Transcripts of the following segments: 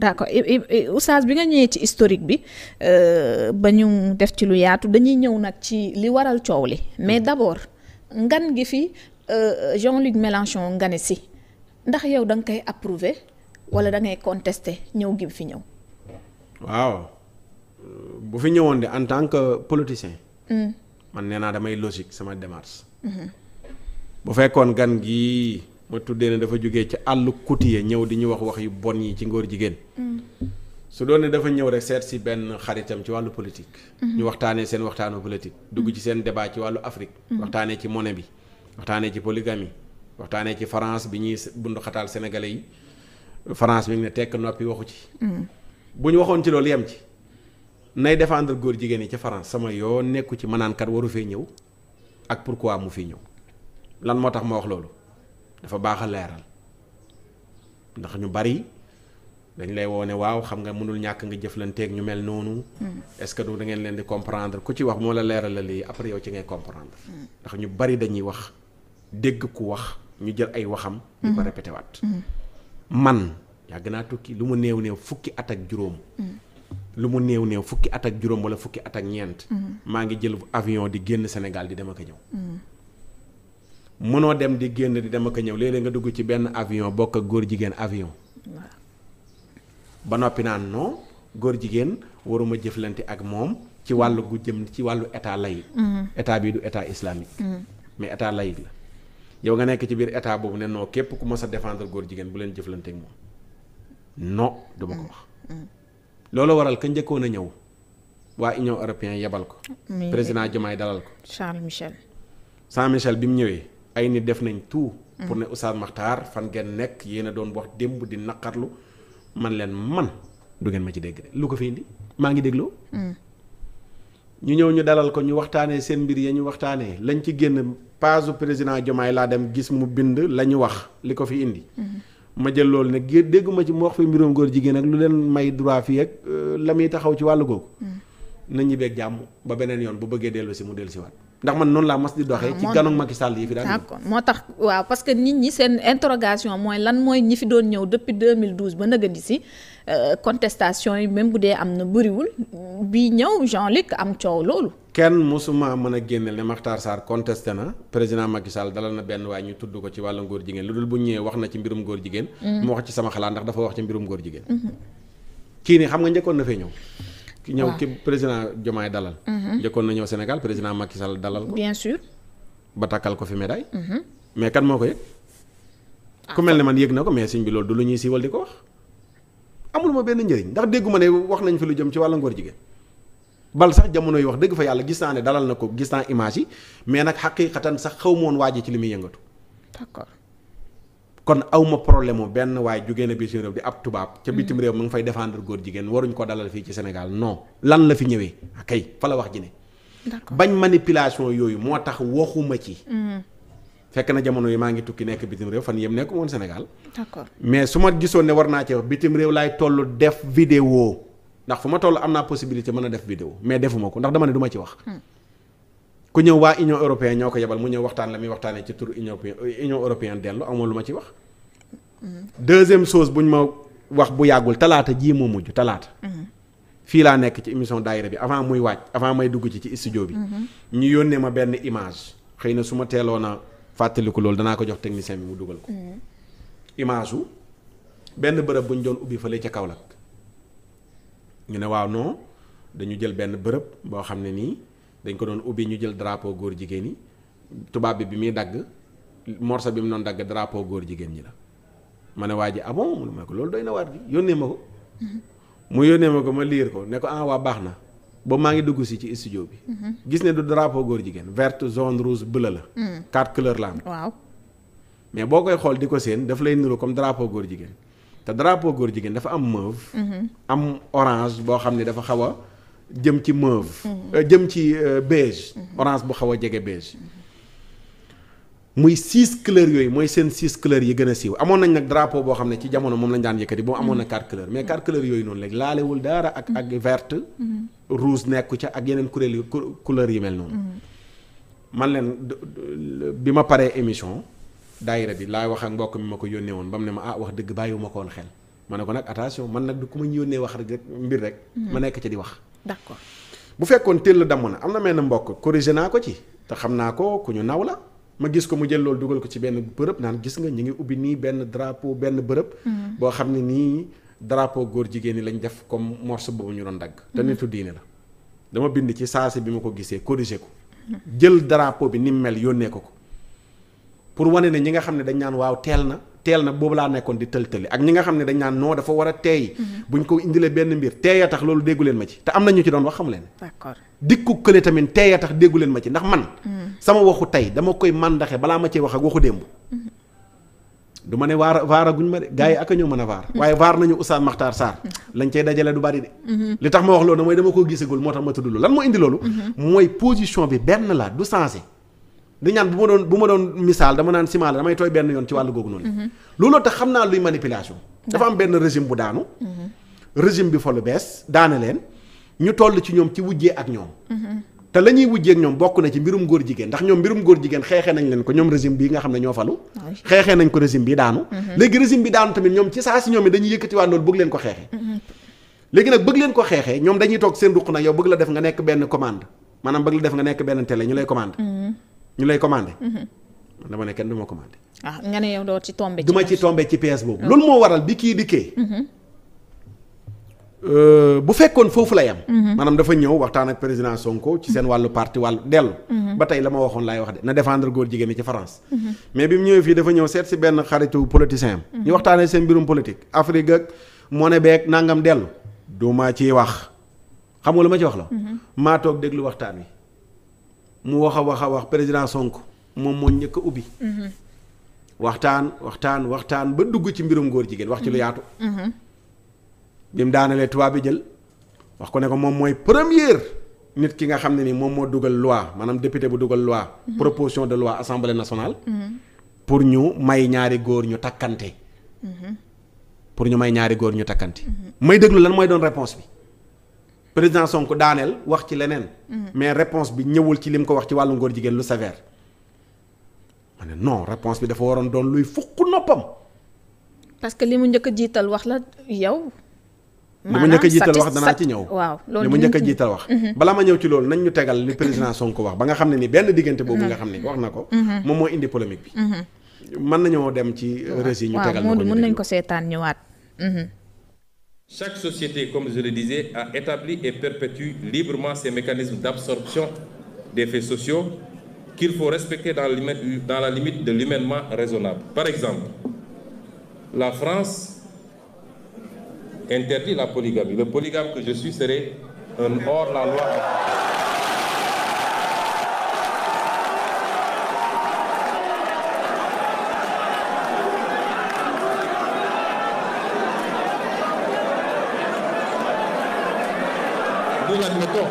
d'accord oustaz bi nga ñëwee ci historique bi euh, ba ñu def ci lu yaatu dañuy ñëw nag ci li waral coow li mais mm-hmm. d'abord ngan gi fi euh, Jean-Luc Mélenchon ngane si ndax yow da nga koy approuver wala da ngay contester ñëw gi fi ñëw. waaw bu fi ñëwoon di en tant que politicien. Mm. man nee naa damay logique sama démarche. Mm-hmm. bu fekkoon gan gi. ma tuddee ne dafa jógee ci àll kutiye ñëw di ñu wax wax yu bon yi ci ngóor jigéen mm. su doon ne dafa ñëw rek seet si benn xaritam ci wàllu politique mm-hmm. ñu waxtaanee seen waxtaanu politique mm-hmm. dugg ci seen débat ci wàllu Afrique mm-hmm. waxtaanee ci monnaie bi waxtaanee ci polygamie waxtaanee ci France bi ñuy bundu xataal sénégalais yi France mi ngi ne tekk noppi waxu ci bu ñu waxoon ci loolu yam ci nay défendre góor jigéen yi ca France sama yoo nekku ci manaankat waru fee ñëw ak pourquoi mu fii ñëw lan moo tax ma wax loolu dafa baax a leeral ndax ñu bari dañ lay woone waaw xam nga mënul ñàkk nga jëflanteeg ñu mel noonu. Hmm. est-ce que du da ngeen leen di comprendre ku ci wax moo la leeral la lii après yow ci ngay comprendre. Hmm. ndax ñu bari dañuy wax dégg ku wax ñu jël ay waxam. ñu ko hmm. répété waat. man yàgg naa tukki lu mu néew néew fukki at ak juróom. lu mu néew néew fukki at ak juróom fukki at ak ñeent. maa ngi jël avion di génn senegal di dem ak a ñëw. mënoo dem di génn di dem ak ñëw léeg-léeg nga dugg ci benn avion bokk ak góor jigéen avion. ba noppi naan non góor jigéen waruma jëflante ak moom ci wàllu gu jëm ci wàllu état laïque. Mm-hmm. état bii du état islamique. Mm-hmm. mais état laïque la. yow nga nekk ci biir état boobu ne no képp ku mës a défendre góor jigéen bu leen jëflante ak moom non du ko wax. Mm-hmm. loolu waral ka njëkkoon a ñëw waa Union européenne yebal ko. président Diomaye dalal ko. Charles Michel. Charles Michel bi mu ñëwee. ay nit def nañ tout. Mm. pour ne Oustaz Makhtar fan ngeen nekk yéen a doon wax démb di naqarlu man leen man du ngeen ma ci dégg de lu ko fi indi maa ngi dégloo. Mm. ñu ñëw ñu dalal ko ñu waxtaanee seen mbir ya ñu waxtaanee lañ ci génn paasu président Diomaye laa dem gis mu bind la ñu wax li ko fi indi. Mm-hmm. ma jël loolu nag dégguma ci mu wax fi mbirum góor jigéen ak lu leen may droit fii ak euh, la muy taxaw ci wàll googu. Mm. na ñibbeeg jàmm ba beneen yoon bu bëggee dellu si mu dellu si waat. ndax man noonu laa mas di doxee. Ah, ci ganong Macky Sall yi fi daan moo tax waaw parce que nit ñi seen interrogation mooy lan mooy ñi fi doon ñëw depuis 2012 ba nëgëndi si euh, contestation yi même bu dee am na bëriwul bii ñëw Jean-Luc am coow loolu. kenn mosuma mën a génneel ne Makhtar Sarr contesté na président Macky Sall dalal na benn waaye ñu tudd ko ci wàllu ngóor jigéen lu dul bu ñëwee wax na ci mbirum góor jigéen. Mm-hmm. mu wax ci sama xalaat ndax dafa wax ci mbirum góor jigéen. Mm-hmm. kii nii xam nga njëkkoon na fee ñëw. ki ñëw ki président Diomaye dalal. Mhm. njëkkoon na ñëw Sénégal président Macky Sall dalal ko. ba takkal ko fi médaille. Mhm. mais kan moo ko yëg. Ah, ku mel ne man yëg na ko mais sëñ bi loolu du lu ñuy siiwal di ko wax. amul ma benn njëriñ ndax dégguma ne wax nañ fi lu jëm ci wàllu ngóor jigéen. bal sax jamono yi wax dëgg fa yàlla gis naa ne dalal na ko gis naa image yi mais nag xaqiqatan sax xaw ma woon waaj ci li muy yëngatu. kon awma problème mu benn waaye jugee na bitim réew di ab tubaab ca mm. bitim réew ma nga fay défendre góor jigéen waruñ ko dalal fii ci Sénégal non lan la fi ñëwee ah, kay fa la wax ji ne bañ manipulation yooyu moo tax waxuma ci mm. fekk na jamono yi maa ngi tukki nekk bitim réew fan yëpp nekku woon Sénégal d'accord mais su ma gisoon ne war naa ci wax bitim réew laay toll def vidéo ndax fu ma toll am naa possibilité mën a def vidéo mais defuma ko ndax dama ne du ma ci wax mm. ku ñëw waa union européenne ñoo ko yebal mu ñëw waxtaan la muy waxtaanee ci turu union union européenne dellu amoo lu ma ci wax. deuxième chose buñ ma wax bu yàggul talaata jii moo mujj talaata. fii laa nekk ci émission daayira bi avant muy wàcc avant may dugg ci ci studio bi. ñu yónnee ma benn image. xëy na su ma teeloon a fàttaliku loolu danaa ko jox technicien bi mu dugal ko. image su benn bërëb bu ñu doon ubbi fële ca Kaolack. ñu ne waaw non dañu jël benn bërëb boo xam ne nii. dañ ko doon ubbi ñu jël drapeau góor jigéen yi tubaab bi bi muy dagg morsa bi mu doon dagg drapeau góor jigéen ñi la ma ne waa ji ah bon ma ne ko loolu doy nawaat waar yónnee ma ko mm-hmm. mu yónnee ma ko ma liir ko ne ko ah waa baax na ba maa ngi dugg si ci studio bi mm-hmm. gis ne du drapeau góor jigéen verte jaune rouge bleu la mm. quatre couleurs la am mais boo koy xool di ko séen daf lay nuru comme drapeau góor jigéen te drapeau góor jigéen dafa am mauve mm-hmm. am orange boo xam ne dafa xaw jëm ci mauve. Mhm. Euh, jëm ci euh, beige. Mhm. orange bu xaw a jege beige. muy six couleurs yooyu mooy seen six couleurs yi gën a siiw amoon nañ nag drapeau boo xam ne ci jamono moom lañ daan yëkkati boobu amoon na mhm. quatre couleurs mais quatre couleurs yooyu noonu léegi laalewul ak ak verte. rouge nekku ca ak yeneen kuréel yu couleurs yi mel noonu. leen bi ma paree émission daayira bi laay wax ak ma ko yónnee woon ba mu ne ma ah wax dëgg bàyyiwuma ko woon ma ne ko nag attention man nag du ku ma yónnee wax rek mbir rek. ma nekk ca di wax. d'accord bu fekkoon téel la damm na am na mel ne mbokk corrigé naa ko ci te xam naa ko ku ñu naw la ma gis ko mu jël loolu dugal ko ci benn bërëb naan gis nga ñu ngi ubbi nii benn drapeau benn bërëb. Mm-hmm. boo xam ne nii drapo góor jigéen ñi lañu def comme morceau boobu ñu doon dagg. te mm-hmm. nitu diine la dama bind ci saasi bi ma ko gisee corrigé ko. jël drapeau bi ni mu mel yónnee ko ko pour wane ne ñi nga xam ne dañ naan waaw teel na. teel na boobu laa nekkoon di tël-tëli ak ñi nga xam ne dañ naan non dafa war a teey mhm. buñ ko indilee benn mbir teey a tax loolu déggu leen ma ci te am na ñu ci doon wax xamu leen d'accord dikku kële tamit teey a tax déggu leen ma ci ndax man mhm. sama waxu tey dama koy màndaxe balaa ma cee wax ak waxu démb mhm. du ma ne waar vaara guñ ma de gars yi ak a ñoo mën a vaar waaye vaar nañu Oustaz Makhtar Sarr lañ cay dajale du bari de li tax ma wax loolu na mooy dama ko gisagul moo tax ma tudd loolu lan moo indi mooy position bi benn la du changé di ñaan doon bu ma doon misaal naan ciment la damay tooy benn yoon ci wàllu googu noonu. Mhm. looloo tax xam naa luy manipulation. dafa am benn régime bu daanu. Mhm. bi bees daana leen ñu toll ci ñoom ci mhm. wujjee ak ñoom. bokk na ci mbirum góor jigéen ndax ñoom mbirum góor jigéen xeexee nañ leen ko ñoom régime bii nga xam ne ñoo falu. xeexee nañ ko régime bi daanu. léegi régime bi daanu tamit ñoom ci saa si ñoom it dañuy yëkkatiwaat loolu bëgg leen ko xeexee. léegi nag bëgg ko xeexee ñoom dañuy toog seen ruq nag yow bëgg la def nga nekk benn commande maanaam bëgg la def nga nekk benn télé ñu lay commande ñu lay commandé. Mhm. dama ne kenn du ma commandé. ah nga ne yow doo ci tombé ci du ma ci tombé ci boobu. loolu moo waral bi kii dikkee. Mhm. Euh, bu fekkoon foofu lay am. Mhm. maanaam dafa ñëw waxtaan ak président Sonko ci seen wàllu parti wàllu dellu. ba tey la ma waxoon laay wax de na défendre góor jigéen ñi ci France. mais bi mu ñëwee fii dafa ñëw seet si benn xaritu politicien am. ñu waxtaanee seen mbirum politique Afrique ak ne beeg nangam dellu. du ma ciy wax xam nga lu ma ci wax la. maa toog déglu waxtaan wi. mu wax a wax a wax président Sonko moom moo njëkk a ubbi. Mhm. waxtaan waxtaan waxtaan ba dugg ci mbirum góor jigéen wax ci lu mhm. yaatu. Mhm. bi mu daanalee tubaab bi jël wax ko ne ko moom mooy première nit ki nga xam ne ni moom moo dugal loi maanaam député bu dugal loi. proposition de loi assemblée nationale. pour ñu may ñaari góor ñu takkante. pour ñu may ñaari góor ñu takkante. may déglu lan mooy doon réponse bi. président Sonko daaneel wax ci leneen. mais réponse bi ñëwul ci li mu ko wax ci wàllu ngóor jigéen lu sévère. ma ne non réponse bi dafa waroon doon luy fukk noppam. parce que li mu njëkk a jiital wax la yow. li mu njëkk a jiital wax danaa ci ñëw. waaw loolu li mu njëkk wax. Mhm. bala ma ñëw ci loolu nañ ñu tegal li président Sonko wax ba nga xam ne ni benn diggante boobu nga mhm. xam ne wax na ko. Mhm. moom moo indi polémique bi. mën nañoo dem ci réseau yi ñu tegal. waaw mën nañ ko seetaan ñëwaat. Chaque société, comme je le disais, a établi et perpétue librement ses mécanismes d'absorption des faits sociaux qu'il faut respecter dans, la limite de l'humainement raisonnable. Par exemple, la France interdit la polygamie. Le polygame que je suis serait un hors-la-loi. l'admettons.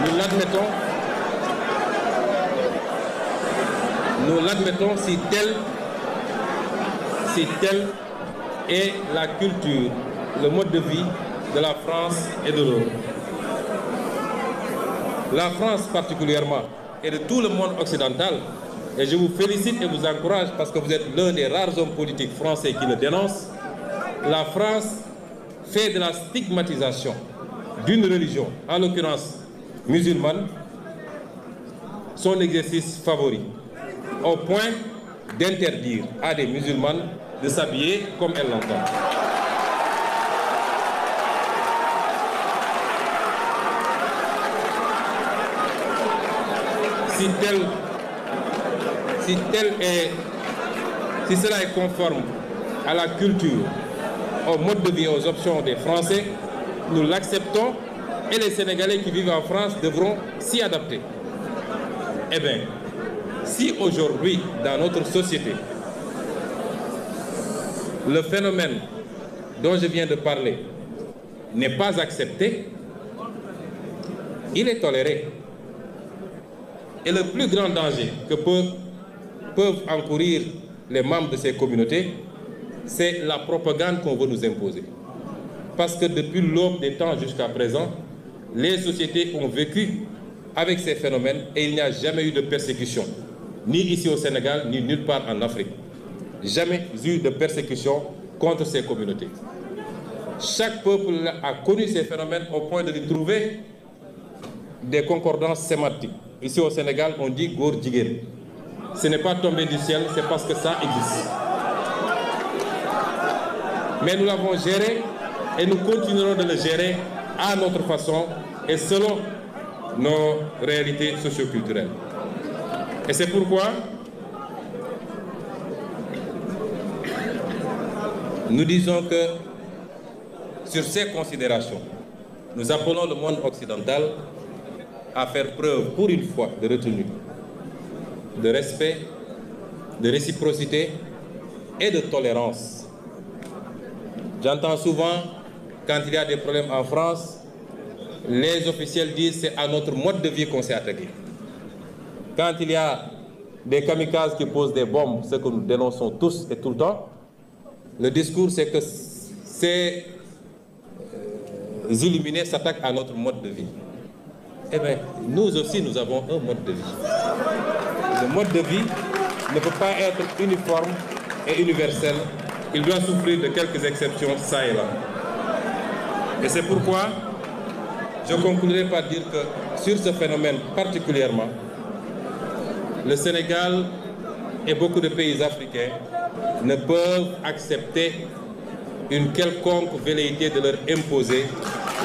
Nous l'admettons. Nous l'admettons si telle, si telle est la culture, le mode de vie de la France et de l'Europe. La France particulièrement et de tout le monde occidental, et je vous félicite et vous encourage parce que vous êtes l'un des rares hommes politiques français qui le dénoncent, la France fait de la stigmatisation d'une religion, en l'occurrence musulmane, son exercice favori, au point d'interdire à des musulmanes de s'habiller comme elles l'entendent. conforme à la culture au mode de vie et aux options des Français, nous l'acceptons et les Sénégalais qui vivent en France devront s'y adapter. Eh bien, si aujourd'hui, dans notre société, le phénomène dont je viens de parler n'est pas accepté, il est toléré. Et le plus grand danger que peuvent, peuvent encourir les membres de ces communautés, c'est la propagande qu'on veut nous imposer. Parce que depuis l'aube des temps jusqu'à présent, les sociétés ont vécu avec ces phénomènes et il n'y a jamais eu de persécution, ni ici au Sénégal, ni nulle part en Afrique. Jamais eu de persécution contre ces communautés. Chaque peuple a connu ces phénomènes au point de les trouver des concordances sémantiques. Ici au Sénégal, on dit Gour Ce n'est pas tombé du ciel, c'est parce que ça existe. mais nous l'avons géré et nous continuerons de le gérer à notre façon et selon nos réalités socioculturelles. Et c'est pourquoi nous disons que sur ces considérations, nous appelons le monde occidental à faire preuve pour une fois de retenue, de respect, de réciprocité et de tolérance J'entends souvent, quand il y a des problèmes en France, les officiels disent c'est à notre mode de vie qu'on s'est attaqué. Quand il y a des kamikazes qui posent des bombes, ce que nous dénonçons tous et tout le temps, le discours c'est que ces euh, illuminés s'attaquent à notre mode de vie. Eh bien, nous aussi, nous avons un mode de vie ne peut pas être uniforme et universel il doit souffrir de quelques exceptions ça et là. Et c'est pourquoi je conclurai par dire que sur ce phénomène particulièrement, le Sénégal et beaucoup de pays africains ne peuvent accepter une quelconque velléité de leur imposer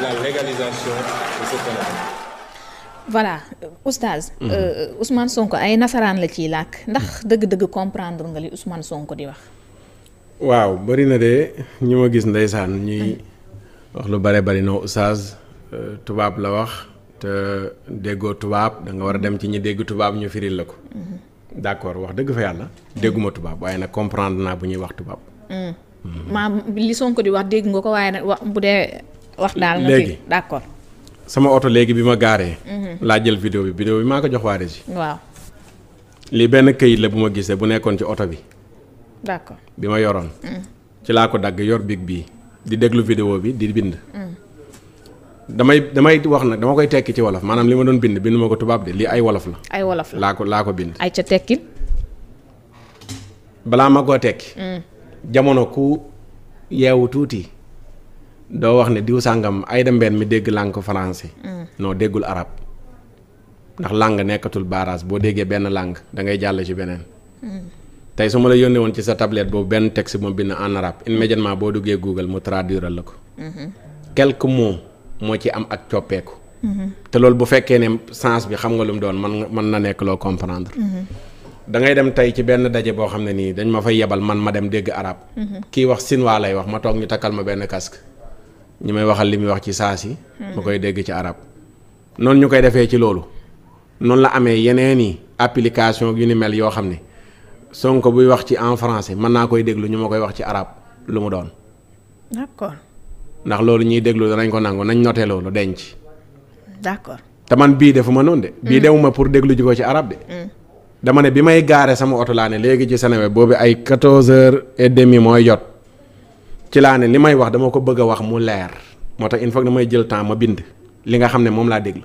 la légalisation de ce phénomène. voilà oustaz. Mhm. Euh, Ousmane Sonko ay nasaraan la ciy làkk ndax dëgg-dëgg comprendre nga li Ousmane Sonko di wax. waaw bari na de ñu ma gis ndeysaan ñuy mm. wax lu bare bari na oustaz euh, tubaab la wax te déggoo tubaab danga war a dem ci ñi dégg tubaab ñu firil la ko. Mm-hmm. d'accord wax dëgg fa yàlla. dégguma tubaab waaye nag comprendre naa bu ñuy wax tubaab. Mm. Mm-hmm. maam li Sonko di wax dégg nga ko waaye nag wax bu dee. wax daal nga léegi d'accord. sama oto léegi bi ma gaaree. Mm-hmm. laa jël vidéo bi vidéo bi maa ko jox waa Régis. waaw. lii benn këyit la bu ma gisee bu nekkoon ci oto bi. d'accord bi ma yoroon. ci laa ko dagg yor big bii di déglu vidéo bi di bind. damay damay wax nag dama koy tekki ci wolof maanaam li ma doon bind bind ma ko tubaab de lii ay wolof la. ay wolof la laa ko laa ko bind. ay ca tekki. balaa ma koo tekki. Mm. jamono ku yeewu tuuti doo wax ne diw sàngam Aïda Mbène mi dégg lànk français. Mm. noo déggul arab ndax làng nekkatul baaraas boo déggee benn làng da ngay jàll ci beneen. Mm. tey su ma la yónnee woon ci sa tablette boobu benn texte moom bind en arabe immédiatement boo duggee Google mu traduiral la ko. Mm-hmm. quelques mots moo ci am ak coppeeku. Mm-hmm. te loolu bu fekkee ne sens bi xam nga lu mu doon man mën na nekk loo comprendre. Mm-hmm. dangay dem tey ci benn daje boo xam ne nii dañ ma fay yebal man ma dem dégg arab kiy wax sinwaa lay wax ma toog ñu takkal ma benn casque. ñu may waxal li muy wax ci saa si. ma koy dégg ci arab noonu ñu koy defee ci loolu. noonu la amee yeneen i application yu ni yoo xam ne. Sonko buy wax ci en francais mën naa koy déglu ñu ma koy wax ci arab lu mu doon. ndax loolu ñuy déglu danañ ko nangu nañ noté loolu denc. d'accord te man bii defuma noonu de. bii mm. demu ma pour déglu ji ko ci arab de. Mm. dama ne bi may gaare sama oto laa ne léegi ci Seneweb boobu ay 14 heures et demi mooy jot ci laa ne li may wax dama ko bëgg a wax mu leer moo tax il faut que may jël temps ma bind li nga xam ne moom laa déglu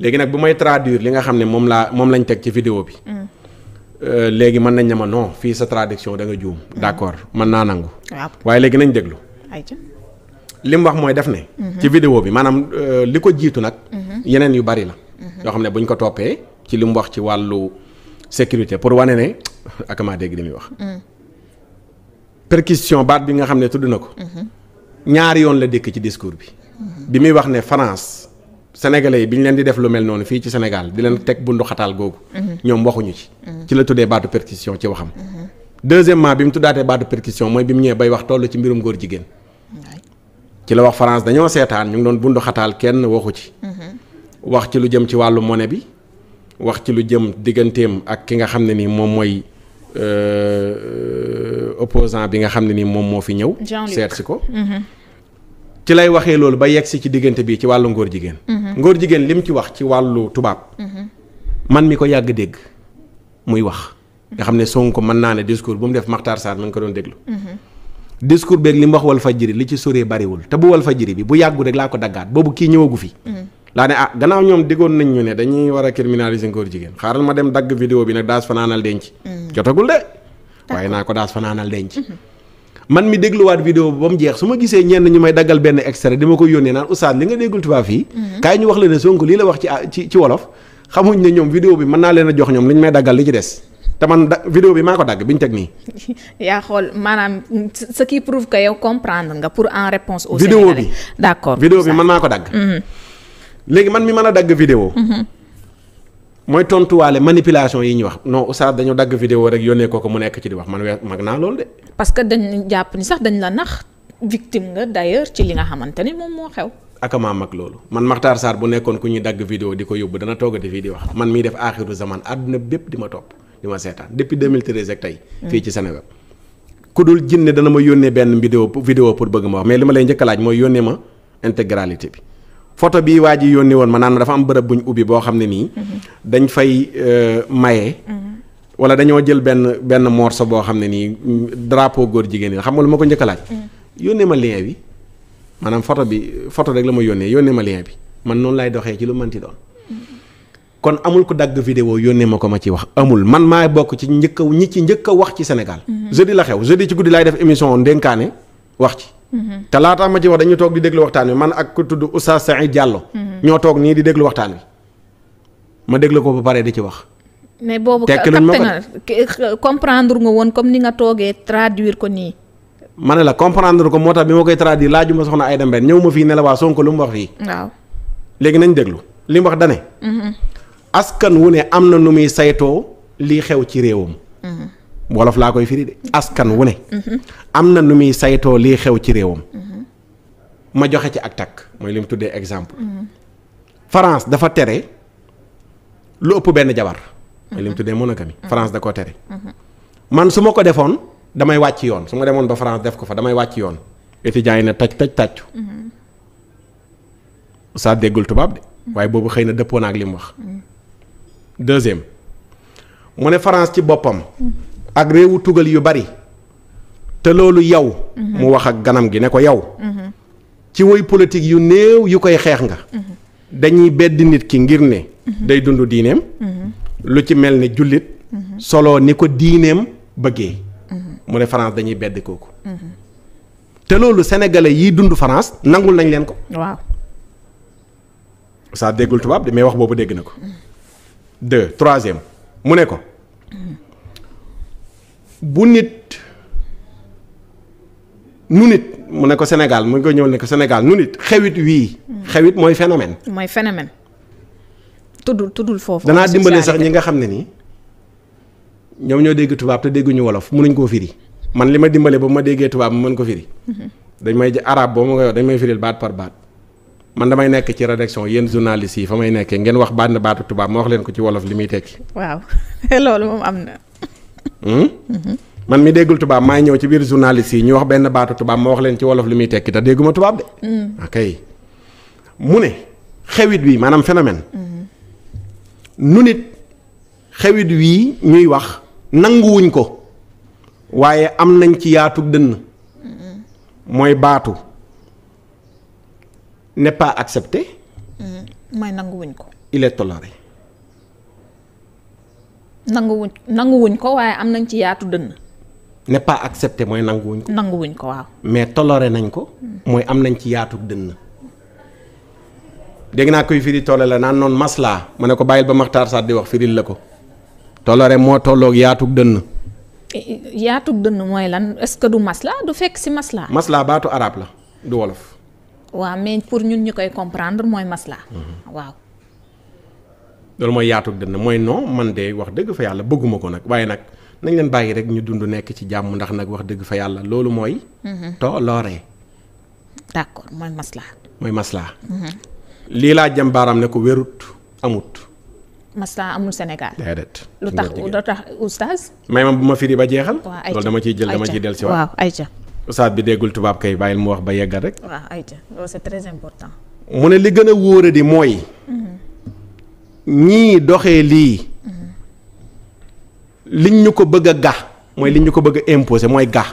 léegi nag bu may traduire li nga xam ne moom laa moom lañ teg ci vidéo bi. Mm. Euh, léegi mën nañ ne ma non fii sa traduction da nga juum. Mm-hmm. d'accord mën naa nangu. Ah, waaye léegi nañ déglu. li mu wax mooy def ne. Mm-hmm. ci vidéo bi maanaam euh, li ko jiitu nag. Mm-hmm. yeneen yu bari la. yoo xam ne buñ ko toppee ci li mu wax ci wàllu sécurité pour wane ne ak maa dégg li muy wax. Mm. perquisition baat bi nga xam ne tudd na ko. ñaari yoon la dikk ci discours bi. bi muy wax ne France. sénégalais bi ñu leen di def lu mel noonu fii ci Sénégal di leen teg bundu xataal googu. Mhm. ñoom waxuñu ci. Mhm. ci la tuddee baatu percussion ci waxam. Mhm. deuxièmement bi mu tuddaatee baatu percussion mooy bi mu ñëwee bay wax toll ci mbirum góor jigéen. ci la wax France dañoo seetaan ñu ngi doon bundu xataal kenn waxu ci. wax ci lu jëm ci wàllu monnaie bi. wax ci lu jëm digganteem ak ki nga xam ne nii moom mooy euh, opposant bi nga xam ne nii moom moo fi ñëw. seet si ko. ci lay waxee loolu ba yegsi ci diggante bi ci wàllu ngóor jigéen mm-hmm. ngóor jigéen lim ci wax ci wàllu tubaab mm-hmm. man mi ko yàgg dégg muy wax nga mm-hmm. xam ne Sonko mën naa ne discours bu mu def Makhtar Sarr ma ko doon déglu discours beeg li mu wax Walfadjri li ci sore bariwul te bu Walfadjri bi bu yàggu rek laa ko daggaat boobu kii ñëwagu fi laa ne ah gannaaw ñoom diggoon nañ ñu ne dañuy war a criminaliser ngóor jigéen xaaral ma dem dagg vidéo bi nag daas fanaanal denc mm. jotagul de waaye naa ko daas fanaanal denc man mi dégluwaat vidéo ba mu jeex su ma gisee ñenn ñu may daggal benn extrait di ma ko yónnee naan oustaz li nga déggul tubaab fii. Mhm. kaay ñu wax la ne Sonko lii la wax ci ci ci wolof. xamuñ ne ñoom vidéo bi mën naa leen a jox ñoom lañ may daggal li ci des te man da vidéo bi maa ko dagg bi ñu teg nii. yaa xool maanaam sa qui prouve que yow comprendre nga pour en réponse au. vidéo bi d'accord vidéo bi man maa ko dagg. Mhm. léegi man mi mën a dagg vidéo. Mhm. mooy tontuwaale manipilation yi ñu wax no oustaz dañoo dagg vidéo rek yónnee ko ko mu nekk ci di wax man we mag naa loolu de. parce que dañ jàpp ni sax dañ la nax victime nga d'ailleurs ci li nga xamante ni moom moo xew. akamaa mag loolu man maxtaar Sarr bu nekkoon ku ñuy dagg vidéo di ko yóbbu dana toogati fii di wax man miy def aaxiru zaman àdduna bépp di ma topp di ma seetaan depuis 2013 ak tey. Mm. fii ci Sénégal ku dul jinne dana ma yónnee benn vidéo vidéo pour bëgg ma mais li ma lay njëkk laaj mooy yónnee ma bi. photo bii waa ji yónni woon ma naan ma dafa am bërëb bu ñu ubbi boo xam ne nii dañ fay euh, maye. Mm-hmm. wala dañoo jël benn benn morceau boo xam ne nii drapeau góor jigéen yi xam nga lu ma ko njëkk laaj mm-hmm. yónnee ma lien bi maanaam bi photo rek la ma yónnee yónnee ma bi man noonu lay doxee ci lu mënti doon mm-hmm. kon amul ku dagg vidéo yónnee ma ko ma ci wax amul man maa bokk ci njëkk ñi ci njëkk a wax ci Sénégal jeudi la xew jeudi ci guddi laay def émission ndénkaane wax ci te laataa ma ci wax dañu toog di déglu waxtaan wi man ak ku tudd Oustaz Saïd Diallo. Mhm. ñoo toog nii di déglu waxtaan wi ma déglu ko ba pare di ci wax. mais boobu capté nga eh, comprendre nga woon comme ni nga toogee traduire ko nii. ma ne la comprendre ko moo tax bi ma koy traduire laaju ma soxna ay Mbène ñëw ma fii ne la waa Sonko lu mu wax fii. waaw léegi nañ déglu li mu wax dane mhm. askan wu ne am na nu muy saytoo li xew ci réewam. Mhm. wolof laa koy firi de askan wu ne. am na nu muy saytoo lii xew ci réewam. ma joxe ci ak takk mooy li mu tuddee exemple. France dafa tere lu ëpp benn jabar. mooy li mu tuddee monogami France da ko tere. man su ma ko defoon damay wàcc yoon su ma demoon ba France def ko fa damay wàcc yoon étudiants yi ne taj taj tàccu. saa déggul tubaab de. waaye boobu xëy na dëppoo ak li mu wax. deuxième mu ne France ci boppam. ak réewu tugal yu bari te loolu yow. Mhm. mu wax ak ganam gi ne ko yow. Mhm. ci woy politique yu néew yu koy xeex nga. Mhm. dañuy bedd nit ki ngir ne. day dund diineem. lu ci mel ne jullit. solo ni ko diineem bëggee. mu ne France dañuy bedd kooku. te loolu sénégalais yiy dund France nangul nañ leen ko. waaw. saa déggul tubaab de mais wax boobu dégg na ko. deux troisième mu ne ko. bu nit nu nit mu ne ko Sénégal mu ngi ko ñëw ne ko Sénégal nu nit xewit wii. Mm. xewit mooy phénomène. mooy phénomène. tuddul tuddul foofu. danaa dimbale sax ñi nga xam ne nii ñoom ñoo dégg tubaab te dégguñu wolof mënuñ koo firi man li ma dimbale ba ma déggee tubaab mu mën ko firi. Mm-hmm. dañ may araab arabe boobu nga wax dañ may firil baat par baat. man damay nekk ci rédaction yéen journalistes yi fa may nekkee ngeen wax baat na baatu tubaab ma wax leen ko ci wolof li muy tekki. Hmm? Mhm. man mi déggul tubaab maay ñëw ci biir journaliste yi ñu wax benn baatu tubaab ma wax leen ci wolof li muy tekki te dégguma tubaab de. Hmm. ok mu ne xewit wi maanaam phénomène. Hmm. nu nit xewit wii ñuy wax nanguwuñ ko waaye am nañ ci yaatu dënn mooy baatu n'est pas mooy nanguwuñ ko. nanguwuñ nanguwuñ ko waaye am nañ ci yaatu dënn. ne pas accepté mooy nanguwuñ ko. nanguwuñ ko waaw. mais toléré nañ ko. mooy am nañ ci yaatu dënn. dégg naa koy firi toole la naan noonu maslaa ma ne ko bàyyil ba Maxtaar Saat di wax firil la ko. toléré moo tolloog yaatu dënn. yaatu dënn mooy lan est-ce que du masla du fekk si maslaa maslaa baatu arab la du wolof. waa mais pour ñun ñu koy comprendre mooy masla mhm. waaw. loolu mooy yaatug dënn mooy noo man de wax dëgg fa yàlla bëgguma ko nag waaye nag nañ leen bàyyi rek ñu dund nekk ci jàmm ndax nag wax dëgg fa yàlla loolu mooy. Mhm. to looree. d'accord mooy maslaa. mooy maslaa. Mhm. lii laa jëm baaraam ne ko wérut amut. maslaa amul Sénégal. déedéet. lu tax lu tax oustaz. may ma bu ma firi ba jeexal. waaw loolu dama ciy jël dama ciy dellusiwaat waaw ayca. oustaz bi déggul tubaab kay bàyyil mu wax ba yeggal rek. waaw ayca loolu mu ne li gën a wóore di mooy. Mhm. ñii doxee lii liñ ñu ko bëgg a ga mooy liñ ñu ko bëgg a imposer mooy ga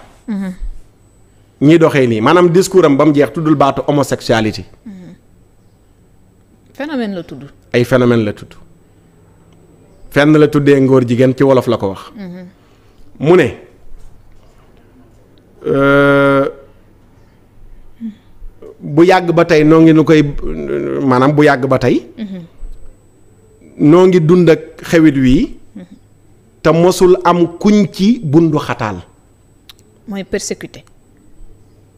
ñii doxee lii maanaam discours ba mu jeex tuddul baatu homosexualité. phénomène la tudd. ay phénomène la tudd fenn la tuddee ngóor jigéen ci wolof la ko wax. mu ne euh, bu yàgg ba tey noo ngi nu koy maanaam bu yàgg ba tey. ñoo ngi dund ak xewit wi te mosul am kuñ ci bundu xataal. mooy persécuté.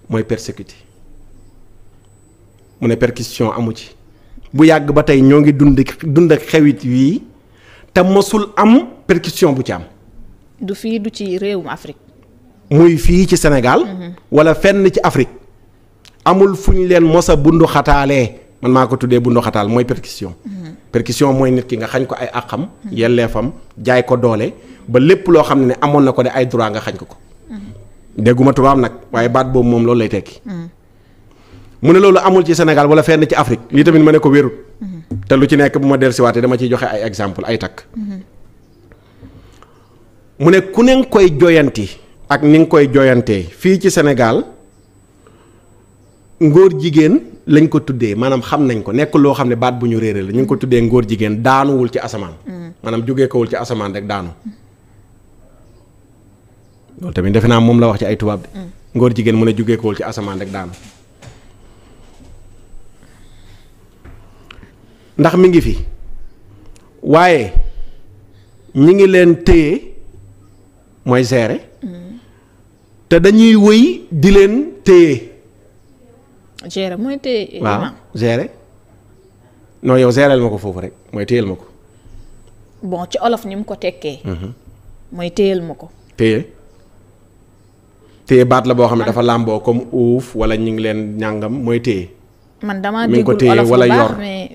mooy persécuté mu ne persécution amu ci bu yàgg ba tey ñoo ngi dund dund ak xewit wii te mosul am persécution bu ci am. du fii du ci réewum Afrique. muy fii ci Sénégal. Mhm. wala fenn ci Afrique amul fu leen mos a man maa ko tuddee bu ndoxataal mooy perquisition. Mm-hmm. perquisition mooy nit ki nga xañ ko ay àqam. Mm-hmm. yelleefam jaay ko doole ba lépp loo xam ne amoon na ko de ay droit nga xañ ko ko. Mm-hmm. dégguma tubaab nag waaye baat boobu moom loolu lay tekki. mu ne loolu amul ci Sénégal wala fenn ci Afrique lii tamit ma ne ko wérut. te lu ci nekk bu ma dellusiwaatee dama ciy joxe ay exemple ay takk. mu ne ku ne nga koy joyanti ak ni nga koy joyantee fii ci Sénégal. ngóor jigéen lañ ko tuddee maanaam xam nañ ko nekk loo xam ne baat bu ñu réere la ñu ngi ko tuddee ngóor jigéen daanuwul ci asamaan. Mm. maanaam jógee kowul ci asamaan rek daanu. loolu tamit defe naa moom la wax ci ay tubaab mm. ngóor jigéen mu ne jógee kowul ci asamaan mi ngi fi waaye ñu ngi leen téye mooy seere mm. te dañuy wëy di leen téye. gérer mooy téye. waaw gérer non yow géreel ma ko foofu rek mooy téyel ma ko. bon ci olof ni mu ko tekkee. Mhm. mooy ma ko. téye téye baat la boo xam ne dafa làmboo comme uuf wala ñu ngi leen ñàngam mooy téye. man damaa déggul olof bu baax mais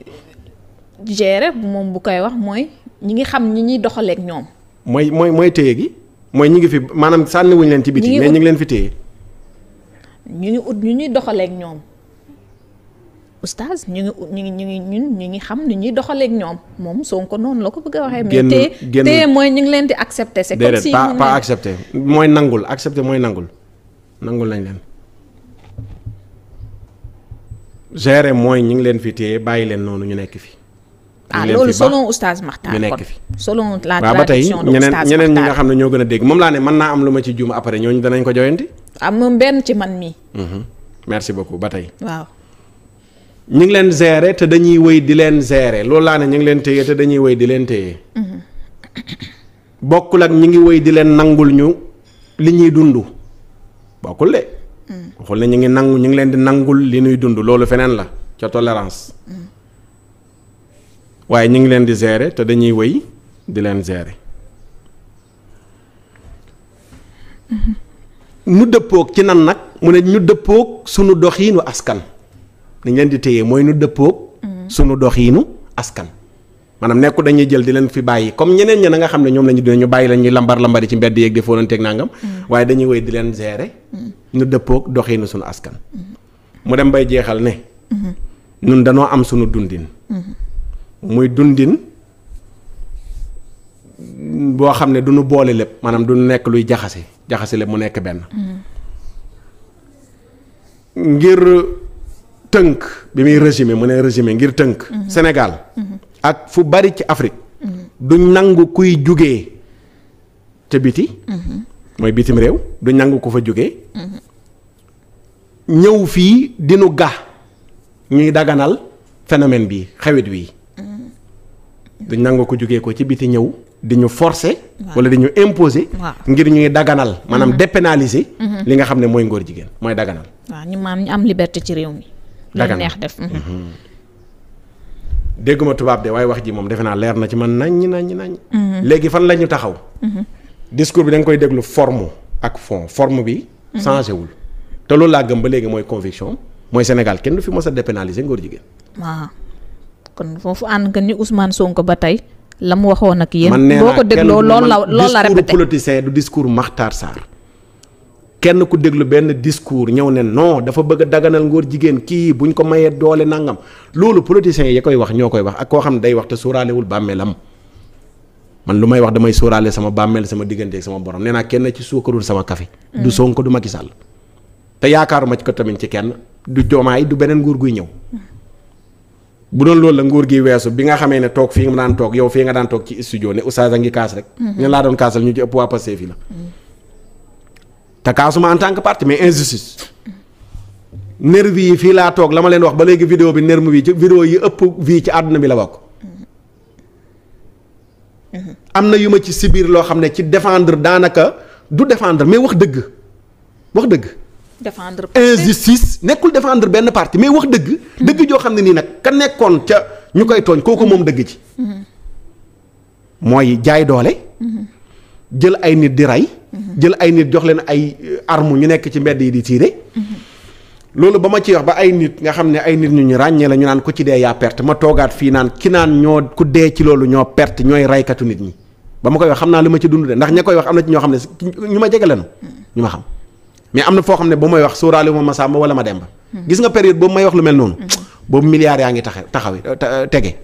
gérer moom bu koy wax mooy ñi ngi xam ñi ñuy doxaleek ñoom. mooy mooy mooy téye gi mooy ñi ngi fi maanaam sànniwuñu leen ci biti. mais ñi ngi leen fi téye. ñu ngi ut ñu ñuy doxaleek ñoom. oustaz ñu ngi ñu ngi ñun ñu ngi xam ni ñuy doxaleek ñoom moom Sonko noonu la ko bëgg a waxee. génn mais tey mooy ñu ngi leen di accepter. c'est comme si pas pas accepter mooy nangul accepter mooy nangul nangul lañ leen. gérer mooy ñu ngi leen fi téye bàyyi leen noonu ñu nekk fi. ah loolu selon oustaz Makhtar ñu nekk fi selon la tradition de oustaz Makhtar ñeneen ñeneen ñi nga xam ne ñoo gën a dégg moom laa ne mën naa am lu ma ci juum après ñooñu danañ ko joyanti. am benn ci man mii. Mhm. merci beaucoup ba tey ñu ngi leen gérer te dañuy woy di leen gérer loolu laa ne ñu ngi leen téye te dañuy woy di leen téye mm-hmm. bokkul ak ñu ngi woy di leen nangul ñu li ñuy dund bokkul de. Mm. waxul ne ñu ngi nangu ñu ngi leen di nangul li nuy dund loolu feneen la ca tolérance mm. waaye ñu ngi leen di gérer te dañuy woy di leen gérer mu mm-hmm. dëppoog ci nan nag mu ne ñu dëppook sunu doxiinu askan. dañ leen di téye mooy nu dëppoo sunu doxiinu askan maanaam nekku dañuy jël di leen fi bàyyi comme ñeneen ñi na nga xam ne ñoom lañu la ñu dinañu bàyyi la ñuy lambar lambari ci mbedd yeeg di foonanteeg nangam mm. waaye dañuy wéy di leen gérer mm. nu dëppoo doxiinu sunu askan mm. mu dem bay jeexal ne mm-hmm. ñun dañoo am sunu dundin mm-hmm. muy dundin boo xam ne du ñu boole lépp maanaam du nekk luy jaxase jaxase lépp mu nekk benn tënk bi muy régime mu ne régime ngir tënk. Mhm. Sénégal mhm. ak fu bari ci Afrique. Mhm. du nangu kuy jóge ca biti. mooy bitim réew du nangu ku fa jóge ñëw fii dinu ga ñuy daganal phénomène bi xewit wi du nangu ko jugee ko ci biti ñëw di ñu forcer. wala di ñu imposer. ngir ñuy daganal maanaam dépénaliser. li nga xam ne mooy ngóor jigéen mooy daganal. waaw ñu maam ñu am liberté ci réew mi. dagan neex def. Mhm. Mhm. dégguma tubaab de waaye wax ji moom defe naa leer na ci man naññ naññ naññ. Mhm. léegi fan la ñu taxaw. discours bi da koy déglu forme ak fond forme bi. changéwul te loolu laa gëm ba léegi mooy conviction mooy Sénégal kenn du fi mos a dépénaliser ngóor jigéen. waaw ah. kon foofu ànd nga ni Ousmane Sonko ba tey la mu waxoon ak yéen. boo ko dégloo loolu la loolu la répété man nee naa kenn du man discours politicien du kenn ku déglu benn discours ñëw ne non dafa bëgg daganal ngóor jigéen kii buñ ko mayee doole nangam loolu politiciens yi koy wax ñoo koy wax ak koo xam ne day wax te sóoraalewul bàmmeelam man lu may wax damay sóoraale sama bàmmeel sama diggante ak sama borom ne naa kenn ci suukarul sama kafe du mm. Sonko du Macky Sall te yaakaaruma ci ko tamit ci kenn du joomaay du beneen nguur guy ñëw mm. bu doon loolu la nguur gi weesu bi nga xamee ne toog fii nga daan toog fii nga daan toog ci studio ne oustaz ngi kaas rek mm-hmm. ñu ci ëpp te kaasuma en tant que parti mais injustice nervi yi fii laa toog la ma leen wax ba léegi vidéo bi nervi bi ci vidéo yi ëpp vie ci àdduna bi la bokk. am na yu ma ci si loo xam ne ci défendre daanaka du défendre mais wax dëgg wax dëgg. défendre injustice nekkul défendre benn parti mais wax dëgg. dëgg joo xam ne nii nag ka nekkoon ca ñu koy tooñ kooku moom dëgg ci. Mm-hmm. mooy jaay doole. Mm-hmm. jël ay nit di rey. Mhm. jël ay nit jox leen ay euh, arme ñu nekk ci mbedd yi di tiire. Mhm. loolu ba ma ci wax ba ay nit nga xam ne ay nit ñu ñu ràññee la ñu naan ku ci dee yaa perte ma toogaat fii naan ki naan ñoo ku dee ci loolu ñoo perte ñooy reykatu nit ñi. ba ma koy wax xam naa li ma ci dund de ndax ña koy wax am na ci ñoo xam ne ñu ma jege lañu mhm. ñu ma xam mais am na foo xam ne bu may wax sóoraale ma Samba wala ma dem Demba. gis nga période boobu may wax lu mel noonu. boobu milliards yaa ngi taxe taxaw tege.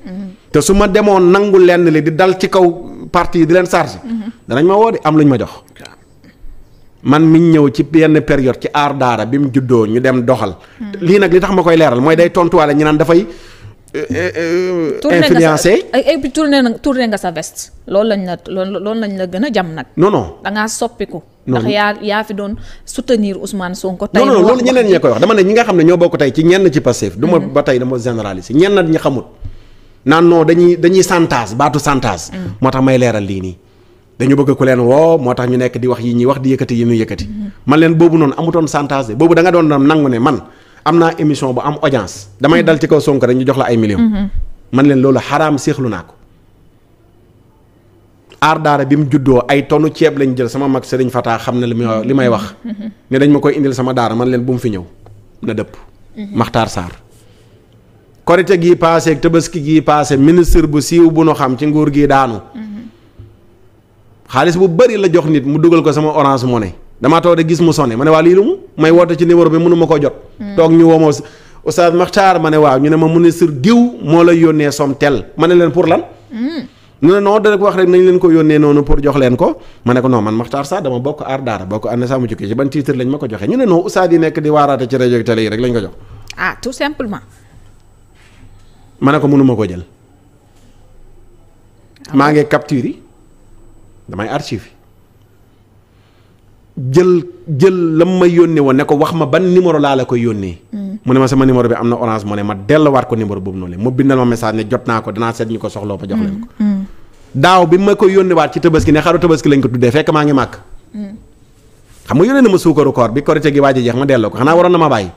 te su ma demoon nangu lenn li di dal ci kaw parti di leen chargé. Mhm. danañ ma woo de am lu ñu ma jox. man miñ ñëw ci yenn période ci aar daara bi mu juddoo ñu dem doxal. Mhm. lii nag li tax ma koy leeral mooy day tontuwaale ñu naan dafay. influencé euh, euh, euh, nga sa tourné na tourné nga sa veste. loolu gën a jam nag. non non da ngaa soppiku. ndax yaa yaa fi doon soutenir Ousmane Sonko. tey non non loolu ñeneen ñee koy wax dama ne ñi nga xam ne ñoo bokk tey ci ñenn ci Pastef. du mhm. ba naan non dañuy dañuy santaas baatu santaas. Mm. moo tax may leeral lii nii. dañu bëgg ku leen woo moo tax ñu nekk di wax yi ñuy wax di yëkkati yi ñuy yëkkati. Mm-hmm. man leen boobu noonu amutoon santaas de boobu da nga doon nangu ne man am naa émission bu am audience. damay mm-hmm. dal ci kaw sonk dañu jox la ay millions. Mm-hmm. man leen loolu xaraam séexlu naa ko. aar daara bi mu juddoo ay tonu ceeb lañ jël sama mag Serigne Fata xam ne li may li may wax. ne dañ ma koy indil sama daara man leen bu mu fi ñëw na dëpp. Makhtar Sarr. korite gii paase ak tabaski gii paase ministre bu siiw bu nu xam ci nguur gi daanu. xaalis bu bari la jox nit mu dugal ko sama orange money damaa toog de gis mu sonné ma ne waa lii lu mu may woote ci numéro bi mënu ma ko jot. Hmm. toog ñu woo ma Oustaz Makhtar ma ne waaw ñu ne ma ministre diw moo lay yónnee som tel ma ne leen pour lan. Hmm. ñu ne non da wax rek nañ leen ko yónnee noonu pour jox leen ko ma ne ko non man Makhtar Sarr dama bokk aar daara bokk ànd saa mu jukki ko joxe ñu ne non Oustaz yi nekk di waaraate ci rajo ma ne ko mënuma ko jël ah maa ngi capture yi damay archive jël jël lam ma yónnee woon ne ko wax ma ban numéro laa la koy yónnee. Hmm. mu ne ma sama numéro bi am na orange mu ne ma delluwaat ko numéro boobu noonu la ma bindal ma message ne jot naa ko danaa seet ñu ko soxloo ma jox leen ko. Hmm. Hmm. daaw bi ma ko yónneewaat ci tabaski ne xaru tabaski lañ ko tuddee fekk maa ngi màkk. xam nga yónnee na ma suukaru koor bi korite gi waaj a jeex ma delloo ko xanaa na ma bàyyi.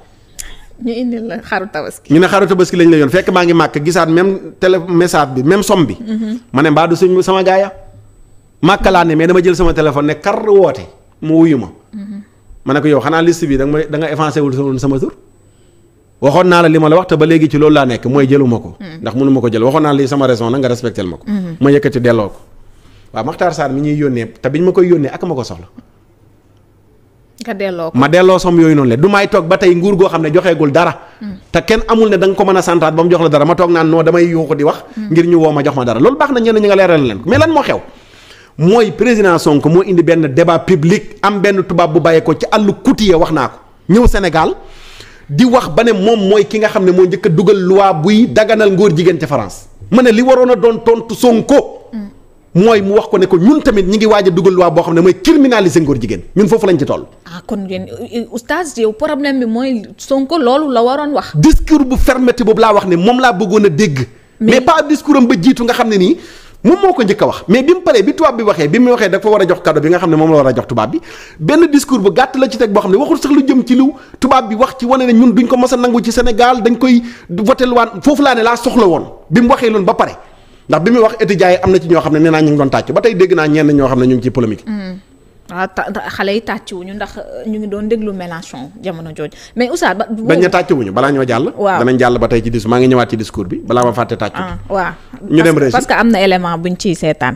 ñu indil la xaru tabaski. ñu ne xaru tabaski lañ la yoon fekk maa ngi màkk gisaat même télé message bi même somme bi. Mhm. ma ne mbaa du suñ sama gaaya ya. màkk laa ne mais dama jël sama téléphone ne kar woote mu wuyu ma. Mhm. ma ne ko yow xanaa liste bi da nga ma da nga effacé sama tur. waxoon naa la li ma la wax ba léegi ci loolu laa nekk mooy jëluma ko. Mhm. ndax mënu ma ko jël waxoon naa li sama raison nag nga respecté ma ko. ma yëkkati delloo ko. waaw Makhtar Sarr nga delloo ko ma delloo som yooyu noonu le du may ba tey nguur goo xam ne joxeegul dara. Mm. te kenn amul ne da nga ko mën a santaat ba mu jox la dara ma toog naan non damay yuuxu di wax. Mm. ngir ñu woo ma jox ma dara loolu baax na ñenn ñi nga leeral leen mais moo xew. mooy président Sonko moo indi benn débat public am benn tubaab bu bàyyee ko ci àll kutiye wax naa ko ñëw Sénégal di wax ba ne moom mooy ki nga xam ne moo njëkk dugal loi buy daganal ngóor jigéen ca France ma mooy mu wax ko ne ko ñun tamit ñu ngi waaja a dugal loi boo xam ne mooy criminaliser ngóor jigéen ñun foofu lañ ci toll. ah kon ngeen oustaz yow problème bi mooy Sonko loolu la waroon wax. discours bu fermeté boobu laa wax ne moom laa bëggoon a dégg. mais pas discours ba jiitu nga xam ne nii moom moo ko wax mais bi mu paree bi tubaab bi waxee bi mu waxee dafa war a jox cadeau bi nga xam ne moom la a jox bi benn discours bu gàtt la ci teg boo xam ne waxul sax lu jëm ci liw tubaab bi wax ci wane ne ñun duñ ko mës a nangu ci Sénégal dañ koy voté waan foofu laa ne laa soxla woon bi mu waxee loolu ba pare ndax bi muy wax étudiants yi am na ci ñoo xam ne nee naa ñu ngi doon tàcc ba tey dégg naa ñenn ñoo xam ne ñu ngi ci polémique. waaw mm. ah, xale yi tàccuwuñu ndax euh, ñu ngi doon déglu Mélenchon jamono jooju mais Oustaz. ba dañ ne tàccuwuñu balaa ñoo jàll. waaw danañ jàll ba tey ci dis maa ngi ñëwaat ci balaa ma fàtte tàccu. Ah, waaw ñu dem réussite parce am na élément buñ ciy seetaan.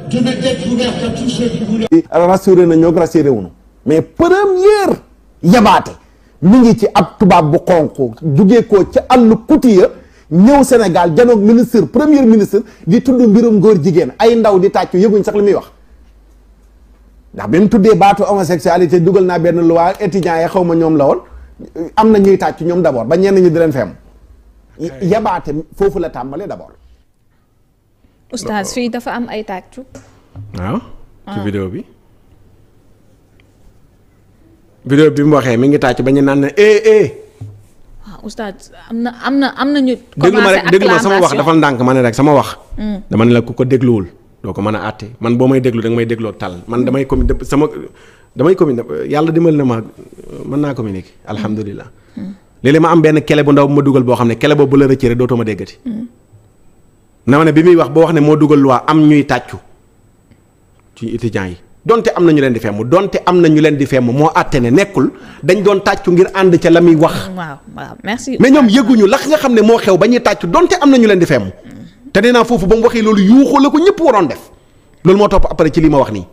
devait être ouverte à tous ceux qui voulaient. rassuré na ñoo rassuré wuñu mais première yabaate mi ngi ci ab tubaab bu xonq jugee ko ci àll kutiya ñëw Sénégal janoog ministre premier ministre di tudd mbirum góor jigéen ay ndaw di tàccu yëguñ sax li muy wax ndax bi mu tuddee baatu homosexualité dugal naa benn loi étudiants yi xaw ma ñoom la woon am na ñuy tàcc ñoom d'abord ba ñeen nañu di leen fem yabaate foofu la tàmbalee d'abord oustaz fii dafa am ay tàccu. waaw ci ah. vidéo bi. bi mu waxee mi ngi tàcc ba ñu naan ne eh eh. waaw ah, oustaz am na am na am nañu. déglu ma rek déglu ma sama wax dafal ndànk ma ne rek sama wax. Hmm. dama ne la ku ko dégluwul doo ko mën a àtte man boo may déglu danga may dégloo tal man damay commun sama damay commun yàlla dimbali na ma mën naa communiquer alhamdulilah. Hmm. léeg-léeg ma am benn kele bu ndaw bu ma dugal boo xam ne kele boobu bu la rëcc rek dootoo ma déggati. Hmm. na ma ne bi muy wax boo wax ne moo dugal loi am ñuy tàccu ci étudiants yi donte am na ñu leen di femm donte am na ñu leen di femm moo àtte ne nekkul dañ doon tàccu ngir ànd ca la muy wax. Mm, waaw waaw merci. mais ñoom yëguñu lax nga xam ne moo xew ba ñuy tàccu donte am na ñu leen di femm te nee naa foofu ba mu waxee loolu yuuxu la ko ñëpp waroon def loolu moo topp après ci li ma wax nii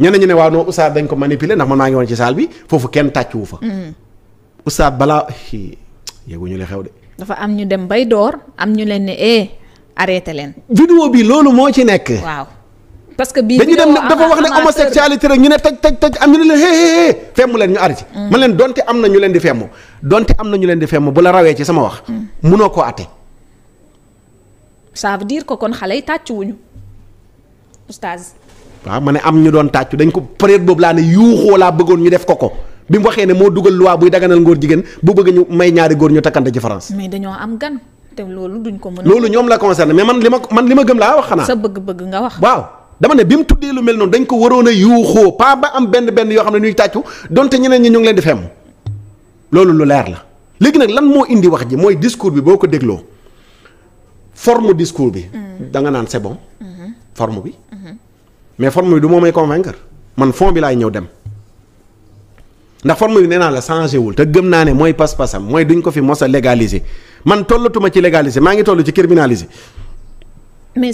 ñenn ñu ne waaw non dañ ko manipuler ndax man maa ngi woon ci salle bi foofu kenn tàccu wu fa. Mm. oustaz balaa yëguñu xew de. dafa am ñu dem bay door am ñu leen eh, arrêté leen. vidéo bi loolu moo ci nekk. waaw parce que bii. dañu dem dafa wax ne homosexualité rek ñu ne tëj tëj tëj am ñu ne leen hee hee hee femmu leen ñu arrêté. Mm. ma leen donte am na ñu leen di femmu donte am na ñu leen di femmu bu la rawee ci sama wax. Mm. munoo ko àtte. ça veut dire kon xale yi tàcc wuñu oustaz. waaw ma ne am ñu doon tàccu dañ ko période boobu laa ne yuuxoo laa bëggoon ñu def ko ko bi mu waxee ne moo dugal loi buy daganal ngóor jigéen bu bëgg ñu may ñaari góor ñu takkante ci France. mais dañoo am gan. te loolu duñ ko mën loolu ñoom la concerne mais man li ma man li ma gëm laa wax xanaa. sa bëgg-bëgg nga wax. waaw dama ne bi mu tuddee lu mel noonu dañ ko waroon a yuuxoo pas ba am benn benn yoo xam ne ñuy tàccu donte ñeneen ñi ñu ngi leen di femm loolu lu leer la léegi nag lan moo indi wax ji mooy discours bi boo ko dégloo forme discours bi. Mm. danga naan c'est bon. Mm-hmm. forme bi. Mm-hmm. mais forme bi du moo may convaincre man fond bi laay ñëw dem. ndax forme bi nee naa la changé wul te gëm naa ne mooy pas-pasam mooy duñ ko fi mos a man tollatuma ci légaliser maa ngi toll ci criminaliser. mais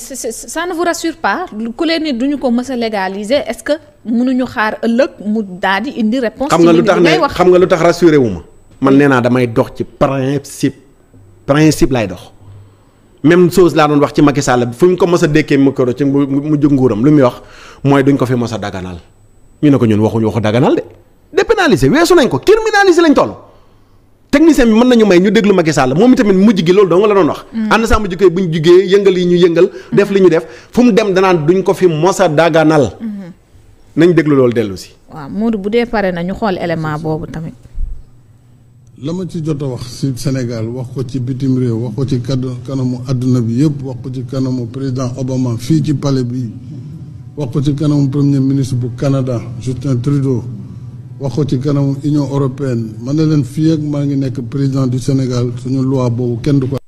ça ne vous rassure pas ku leen ni duñu ko mës a légaliser est-ce que mënuñu xaar ëllëg mu daal di indi réponse xam nga lu tax ne xam nga lu tax rassuré wu ma man nee naa damay dox ci principe principe lay dox même chose laa doon wax ci Macky Sall fu ko mës a dékkee micro ci mu jóg nguuram lu muy wax mooy duñ ko fi mës a daganal ñu ne ko ñun waxuñu waxu daganal de dépénaliser weesu nañ ko criminaliser lañ toll. technicien bi mën nañu may ñu déglu ma Macky Sall moom itamit mujj gi loolu doo nga la doon wax. ànd mm. saa mujj koy bu ñu jugee yëngal yi ñu yëngal. Mm. def li ñu def fu dem danaan duñ ko fi mosa daganal. Mm-hmm. nañ déglu loolu dellu si. waaw Modou bu dee pare na ñu xool élément boobu tamit. la ma ci jot a wax ci Sénégal wax ko ci bitim réew wax ko ci kanamu àdduna bi yëpp wax ko ci kanamu président Obama fii ci pale bi wa ko ci kanamu premier ministre bu Canada Justin Trudeau. wax ko ci kanam Union européenne ma na leen fii ak maa ngi nekk président du Sénégal suñu loi boobu kenn du ko.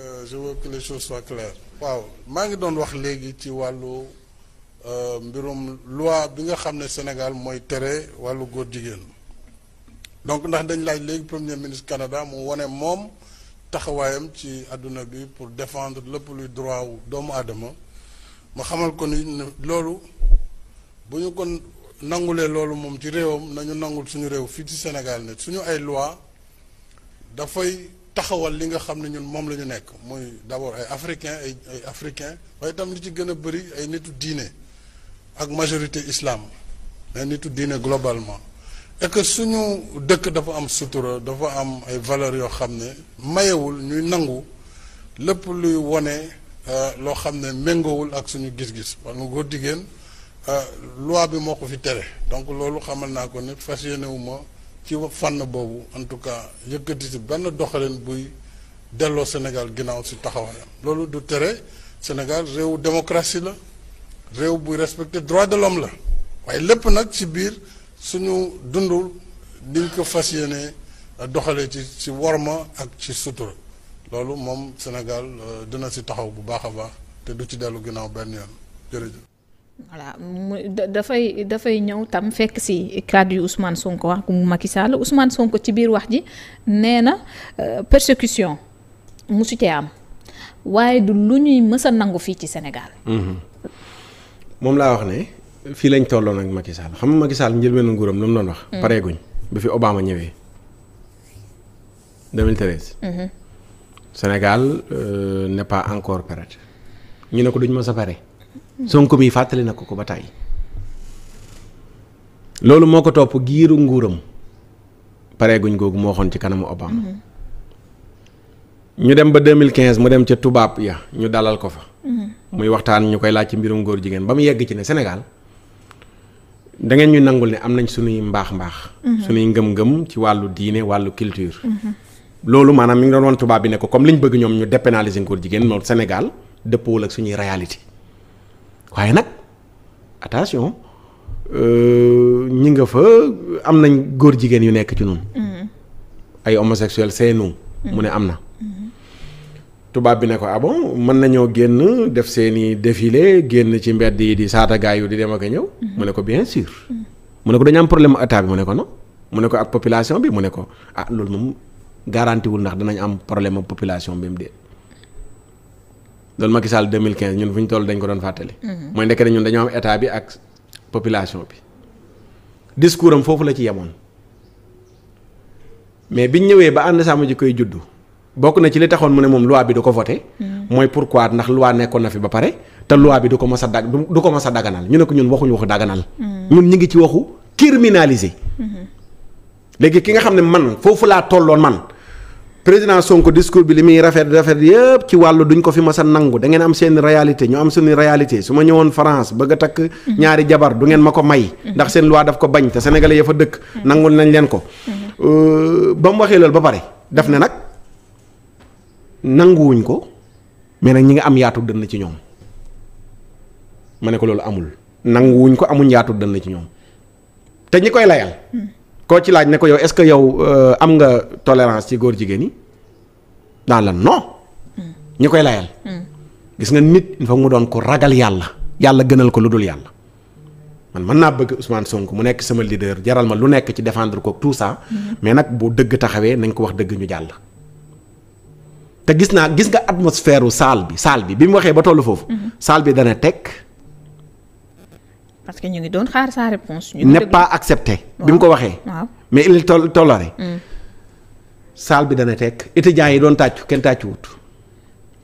Euh, je veux que les waaw maa ngi doon wax léegi ci wàllu euh, mbirum loi bi nga xam ne Sénégal mooy tere wàllu góor jigéen donc ndax dañ laaj léegi premier ministre Canada mu wane moom taxawaayam ci àdduna bi pour défendre lépp luy droit wu doomu aadama ma xamal ko ni loolu bu ñu kon nangu nangulee loolu moom ci réewam nañu nangul suñu réew fii ci Sénégal ne suñu ay loi dafay taxawal li nga xam ne ñun moom lañu nekk muy d'abord ay africain ay ay africain waaye itam li ci gën a bëri ay nitu diine ak majorité islam ay nitu diine globalement et que suñu dëkk dafa am sutura dafa am ay valeurs yoo xam ne mayewul ñuy nangu lépp luy wone euh, loo xam ne méngoowul ak suñu gis-gis wala góor jigéen Euh, loi bi moo ko fi tere donc loolu xamal naa ko ne fas yéene ma ci fànn boobu en tout cas yëkkati si benn doxalin buy delloo Sénégal ginnaaw si taxawaayam loolu du tere Sénégal réew démocratie la réew buy respecté droit de l'homme la waaye lépp nag si biir suñu dundu diñ ko fas yéene euh, doxalee si ci worma ak ci sutura loolu moom Sénégal euh, dina si taxaw bu baax a baax te du ci dellu ginnaaw benn yoon voilà dafay dafay ñëw tam fekk si cadre yu Ousmane Sonko wax ku mu Macky Sall Ousmane Sonko ci biir wax ji nee na euh, persécution musu cee am waaye du lu ñuy mës a nangu fii ci Sénégal. Mhm. moom laa wax ne fii lañ tolloon ak Macky Sall xam nga Macky Sall njëlbeenu nguuram lu mu doon wax. Mhm. pareeguñ ba fi Obama ñëwee 2013. Mhm. Sénégal euh, n'est encore prêt ñu ne ko duñ mës a pare. Sonko mi fàttali na ko ko ba tàyyi loolu moo ko topp giiru nguuram pareeguñ googu moo waxoon ci kanamu obam ñu dem ba 2015 mu dem ca tubaab ya ñu dalal ko fa. muy waxtaan ñu koy laaj ci mbirum góor jigéen ba mu yegg ci ne Sénégal da ngeen ñu nangul ne am nañ suñuy mbaax mbaax. suñuy ngëm-ngëm ci wàllu diine wàllu culture. loolu maanaam mu ngi doon woon tubaab bi ne ko comme liñ bëgg ñoom ñu dépénaliser góor jigéen moom Sénégal dëppoowul ak suñuy réalité. waaye nag attention euh, ñi nga fa am nañ góor jigéen yu nekk ci noonu. Mm-hmm. ay homosexuel c'est non. Mm-hmm. mu ne am na. Mm-hmm. tubaab bi ne ko ah bon mën nañoo génn def seeni défilé génn ci mbedd yi di saata gaay yu di dem ak a ñëw. mu ne ko bien sûr. mu ne ko dañu am problème état bi mu ne ko non. mu ne ko ak population bi mu ne ko ah loolu moom garanti wul ndax danañ am problème population bi mu dee. loolu Macky Sall 2015 ñun fu ñu toll dañ ko doon fàttali. Mhm. mooy ndekete ñun dañoo am état bi ak population bi. discours foofu la ci yemoon mais biñ ñëwee ba ànd sàmm ji koy juddu bokk na ci li taxoon mu ne moom loi bi du ko voté. Mhm. mooy pourquoi ndax loi nekkoon na fi ba pare te loi bi du ko mës a dag du ko mës a daganal ñu ne ko ñun waxuñu waxu daganal. Mhm. ñun ñu ngi ci waxu criminaliser. léegi ki nga xam ne man foofu laa tolloon man. président Sonko discours bi li muy rafet rafet yëpp ci wàllu duñ ko fi ma a nangu da ngeen am seen réalité ñu am suñu réalité su ma ñëwoon France bëgg a takk ñaari jabar du ngeen ma ko may ndax seen loi daf ko bañ te sénégalais ya fa dëkk nangul nañ leen ko euh, ba mu waxee loolu ba pare def ne nag nanguwuñ ko mais nag ñi nga am yaatu dënn ci ñoom ma ne ko loolu amul nanguwuñ ko amuñ yaatu dënn ci ñoom te ñi koy layal koo ci laaj ne ko yow est-ce que yow euh, am nga tolérance ci góor jigéen yi daan la non mm. ñu koy layal mm. gis nga nit il faut mu doon ko ragal yàlla yàlla gënal ko lu dul yàlla man mën naa bëgg Ousmane Sonko mu nekk sama leader jaral ma lu nekk ci défendre ko tout ça mm-hmm. mais nag bu dëgg taxawee nañ ko wax dëgg ñu jàll te gis naa gis nga atmosphère u saal bi saal bi bi mu waxee ba tollu foofu mm-hmm. saal bi dana tekk parce que ñu ngi doon xaar sa réponse ñu n'est pas accepté. bi mu ko waxee. waaw mais il toll toléré. Mm. saal bi dana tekk étudiants yi doon tàccu kenn tàccu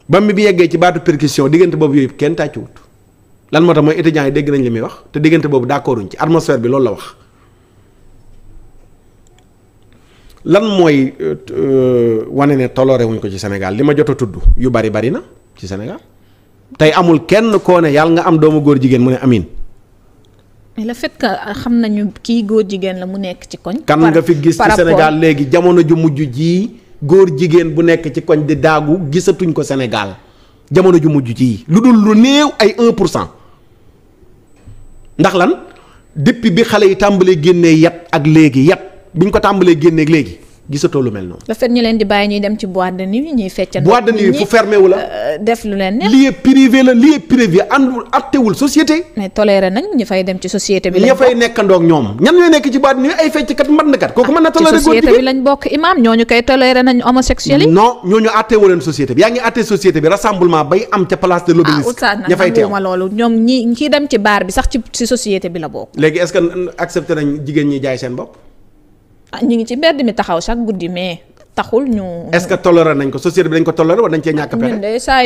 ba mi bi yeggee ci baatu percussion diggante boobu yooyu kenn tàccu lan moo tax mooy étudiants yi dégg nañ la muy wax te diggante boobu d'accorduñ ci atmosphère bi loolu la wax. lan mooy euh, euh, wane ne tolloore wuñ ko ci Sénégal li ma jot a tudd yu bari bari na ci Sénégal tey amul kenn koo ne yàlla nga am doomu góor jigéen mu ne amin mais le fait que euh, xam nañu kii góor jigéen la mu nekk ci koñ. kan nga fi gis ci Sénégal léegi jamono ju mujj jii góor jigéen bu nekk ci koñ di daagu gisatuñ ko Sénégal jamono ju mujj jii lu dul lu néew ay 1 pour cent ndax lan depuis bi xale yi tàmbalee génnee yat ak léegi yat bi ko tàmbalee génneeg léegi. gisatoo lu mel noonu. leen di bàyyi ñuy dem euh, leen neex. lieu privé la lieu privé àndul ñu fay dem ci société bi. lañ bokk ña fay ñoom ñan ñooy nekk ci boîte de nuit ay fecckat mbandkat. kooku mën na ah, toléré góor jigéen leen société yaa ngi atte société bi rassemblement bay am ca place de ah, loolu ñoom ñi kii dem ci baar bi sax ci société bi la bokk. léegi est-ce accepté nañ jigéen ñi jaay seen bopp Ah, ñu ngi ci mbedd mi taxaw chaque guddi mais taxul ñu. est-ce que toléré nañ ko société bi dañ ko toléré wala dañ cee ñàkk a pexe.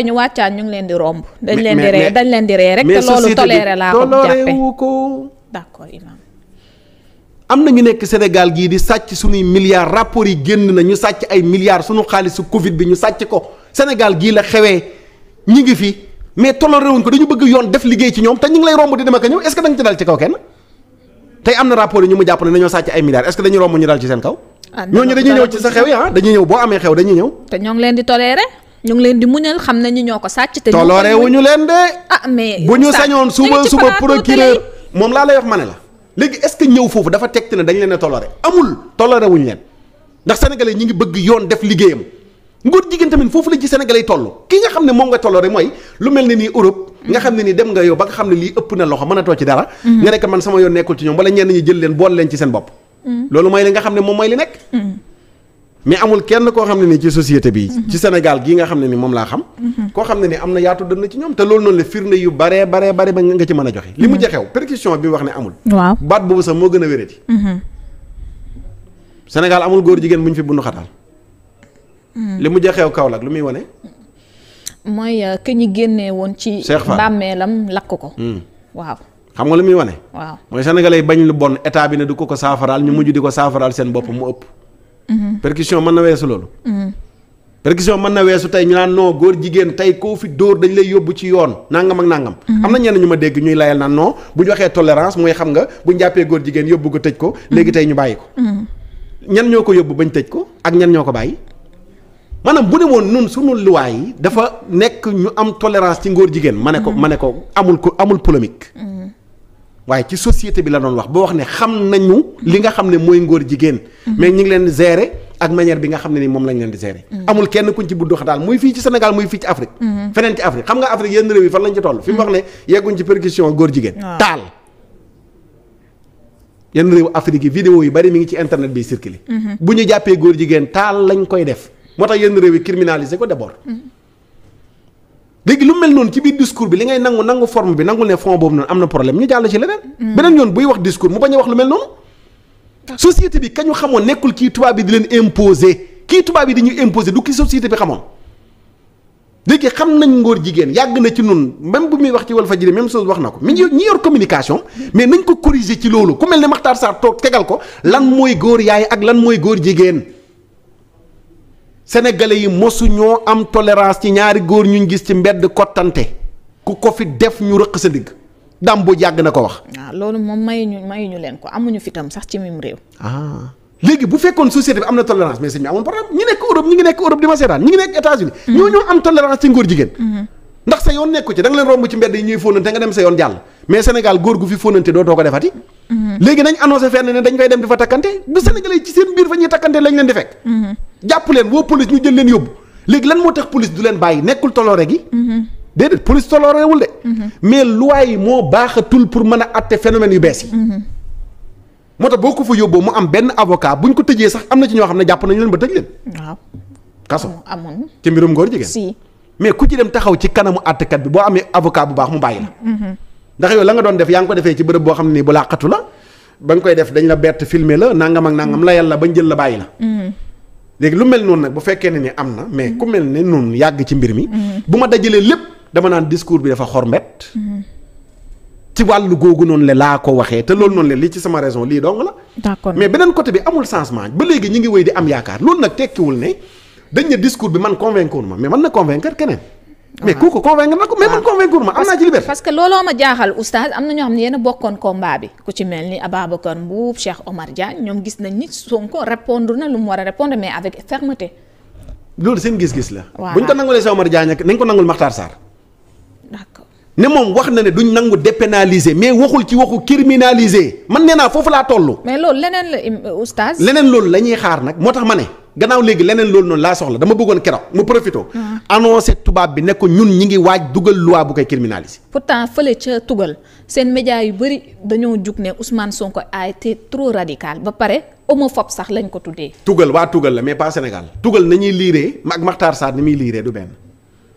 ñun de ngi leen di romb. dañ leen dañ leen di ree rek. te loolu toléré laa ko jàppe ko. d'accord imam am na ñu nekk Sénégal gii di sàcc suñuy milliards rapport yi génn na ñu sàcc ay milliards suñu xaalisu Covid bi ñu sàcc ko Sénégal gii la xewee ñi ngi fi mais toléré wuñ ko dañu bëgg yoon def liggéey ci ñoom te ñu ngi lay romb di dem ak ñëw est-ce ci dal ci kaw kenn tey am na rappor yi ñu mu jàpp ne dañoo sàcc ay milliards est-ce que dañu romb ñu dal ci seen kaw ah, ñooñu dañuy ñëw ci sa xew yi ah dañuy ñëw boo amee xew dañuy ñëw te ñoo ngi leen di toléré ñu ngi leen di muñal xam nañu ñoo ko sàcc te toléré wu ñu leen de ah, bu ñu sañoon suba suba procureur moom laa la wax ma ne la léegi est-ce que ñëw foofu dafa tegti ne dañ leen a toléré amul toléré wuñu leen ndax sénégalais ñi ngi bëgg yoon def liggéeyam ngóor jigéen tamit foofu la ci Sénégalais yi toll ki nga xam ne moom nga toll rek mooy lu mel ne nii Europe nga xam ne nii dem nga yow ba nga xam ne lii ëpp na loxo mënatoo ci dara mm-hmm. nga nekk man sama yoon nekkul ci ñoom wala ñenn ñi jël leen bool leen ci seen bopp mm-hmm. loolu mooy li nga xam ne moom mooy li nekk mm-hmm. mais amul kenn koo xam ne ni ci société bi ci Sénégal gii nga xam ne ni moom laa xam koo xam ne ni am na yaatu dënn ci ñoom te loolu noonu la firnde yu baree baree bare a joxe li mu joxew percussion bi wax ne amul waaw baat boobu sax moo gën a wérati Sénégal góor jigéen bu ñu fi bundu xataal Mm. li mu a xew Kaolack lu muy wane. mooy euh, ki ñu génne woon ci. bàmmeelam lakk ko. Mm. waaw. xam nga lu muy wane. waaw mooy sénégalais bañ lu bon état bi ne du ko ko saafaraal ñu mujj di ko saafaraal seen bopp mu ëpp. Mm-hmm. percussion mën na weesu loolu. Mm-hmm. percussion mën na weesu tey ñu naan non góor jigéen tey koo fi dóor dañ lay yóbbu ci yoon nangam ak nangam. Mm-hmm. am na ñenn ñu ma dégg ñuy layal naan noo bu ñu waxee tolérance mooy xam nga bu ñu jàppee góor jigéen yóbbu ko tëj ko. léegi tey ñu bàyyi ko. ñan ñoo ko yóbbu bañ tëj ko ak ñan ñoo ko bàyyi. maanaam bu ne woon nun suñu luwaay yi dafa nekk ñu am tolérance ci ngóor jigéen ma ne ko mm-hmm. ma ne ko amul ko amul polémique mm-hmm. waaye ci société bi la doon wax ba wax ne xam nañu mm-hmm. li nga xam ne mooy ngóor jigéen mais ñu ngi leen gérer ak manière bi nga xam ne ni moom lañ leen di gérer amul kenn kuñ ci buddu xataal muy fii ci Sénégal muy fii ci Afrique feneen ci Afrique xam nga Afrique yenn réew yi fan lañ ci toll fi mu wax ne yegguñ ci percussion góor jigéen taal yenn réew Afrique yi bari mi ngi ci internet bi circulé bu ñu jàppee góor jigéen taal lañ koy def moo tax yenn réew yi criminaliser ko d'abord. Mm-hmm. léegi lu mel noonu ci biir discours bi li ngay nangu nangu forme bi nangul ne fond boobu noonu am na problème ñu jàll ci leneen. Mm-hmm. beneen yoon buy wax discours mu bañ a wax lu mel noonu. société bi kañu xamoon nekkul kii tubaab bi di leen imposer kii tubaab bi di ñu imposer du kii société bi xamoon. léegi xam nañ ngóor jigéen yàgg na ci nun même bu muy wax ci Walfadjri même chose wax na ko mi ngi ñi yor communication mais nañ ko corriger ci loolu ku mel ne Makhtar Sarr toog tegal ko lan mooy góor yaay ak lan mooy góor jigéen. sénégalais yi mosu ñoo am tolérance ci ñaari góor ñu gis ci mbedd kottante ku ko fi def ñu rëq sa digg dam yàgg na ko wax. waaw ah, loolu moom mayuñu mayuñu leen ko amuñu fitam sax ci mim réew. ah léegi bu fekkoon société bi am na tolérance mais sëñ nekk Europe ñi ngi nekk Europe di ma seetaan ñi ngi nekk États-Unis mm-hmm. ñoo ñoo am tolérance ci ngóor jigéen. Mm-hmm. ndax sa yoon nekku ci da nga leen romb ci mbedd yi ñuy fóonante góor gu fi fóonante doo too ko defati. Mm-hmm. léegi nañ annoncé fenn ne dañ koy dem di fa takkante bu Sénégalais ci seen biir fa ñuy takkante lañ leen di fekk. jàpp leen woo police ñu jël leen yóbbu léegi lan moo tax police du leen bàyyi nekkul toloore gi. Mm-hmm. déedéet police tolooreewul de. Mm-hmm. mais loi yi moo baaxatul pour mën a atte phénomène yu bees yi. Mm-hmm. moo tax boo ko fa yóbboo mu am benn avocat buñ ko tëjee sax am na ci ñoo xam ne jàpp nañu leen ba tëj leen. waaw kaso amoon ci mbirum góor jigéen. mais ku ci dem taxaw ci kanamu àttekat bi boo amee avocat bu baax mu bàyyi la. ndax yow la nga doon def yaa ngi ko defee ci bërëb boo xam ne nii bu laa la ba koy def dañ la bett filmer la nangam ak nangam la yàlla bañ jël la bàyyi la. léegi lu mel noonu nag bu fekkee ne ni am na mais ku mel ne noonu yàgg ci mbir mi. Mhm. bu ma dajalee lépp dama naan discours bi dafa xormet. Mhm. ci wàllu googu noonu la laa ko waxee te loolu noonu la lii ci sama raison lii dong la. d'accord mais beneen côté bi amul changement ba léegi ñu ngi wéy di am yaakaar loolu nag tekkiwul ne dañ ne bi man convaincre ma mais mën na convaincre keneen. mais kooku convaincre na ko mais man convaincre ma am naa ci liberté. parce que looloo ma jaaxal oustaz am na ñoo xam ne a bokkoon combat ni Ababacar Mbuub Cheikh Omar Diagne ñoom gis nañ ni Sonko répondre na lu mu war a répondre mais avec fermeté. loolu seen gis-gis la. waaw bu ñu ko nangulee Cheikh Omar Diagne nañ ko nangul Makhtar Sarr. d'accord ne moom wax na ne duñ nangu dépénaliser mais waxul ci waxu criminaliser man nee naa foofu laa toll. mais loolu leneen la euh, oustaz. leneen loolu la ñuy xaar nag moo tax ma ne. gannaaw léegi leneen loolu noonu laa soxla dama bëggoon keroog mu profité. Mm-hmm. annoncé tubaab bi ne ko ñun ñi ngi waaj dugal loi bu koy criminaliser. pourtant fële ca tugal seen média yu bëri dañoo jug ne Ousmane Sonko a été trop radical ba pare homophobe sax lañ ko tuddee. tugal waa tugal la mais pas Sénégal tugal nañuy liiree ak Makhtar Sarr ni muy liiree du benn.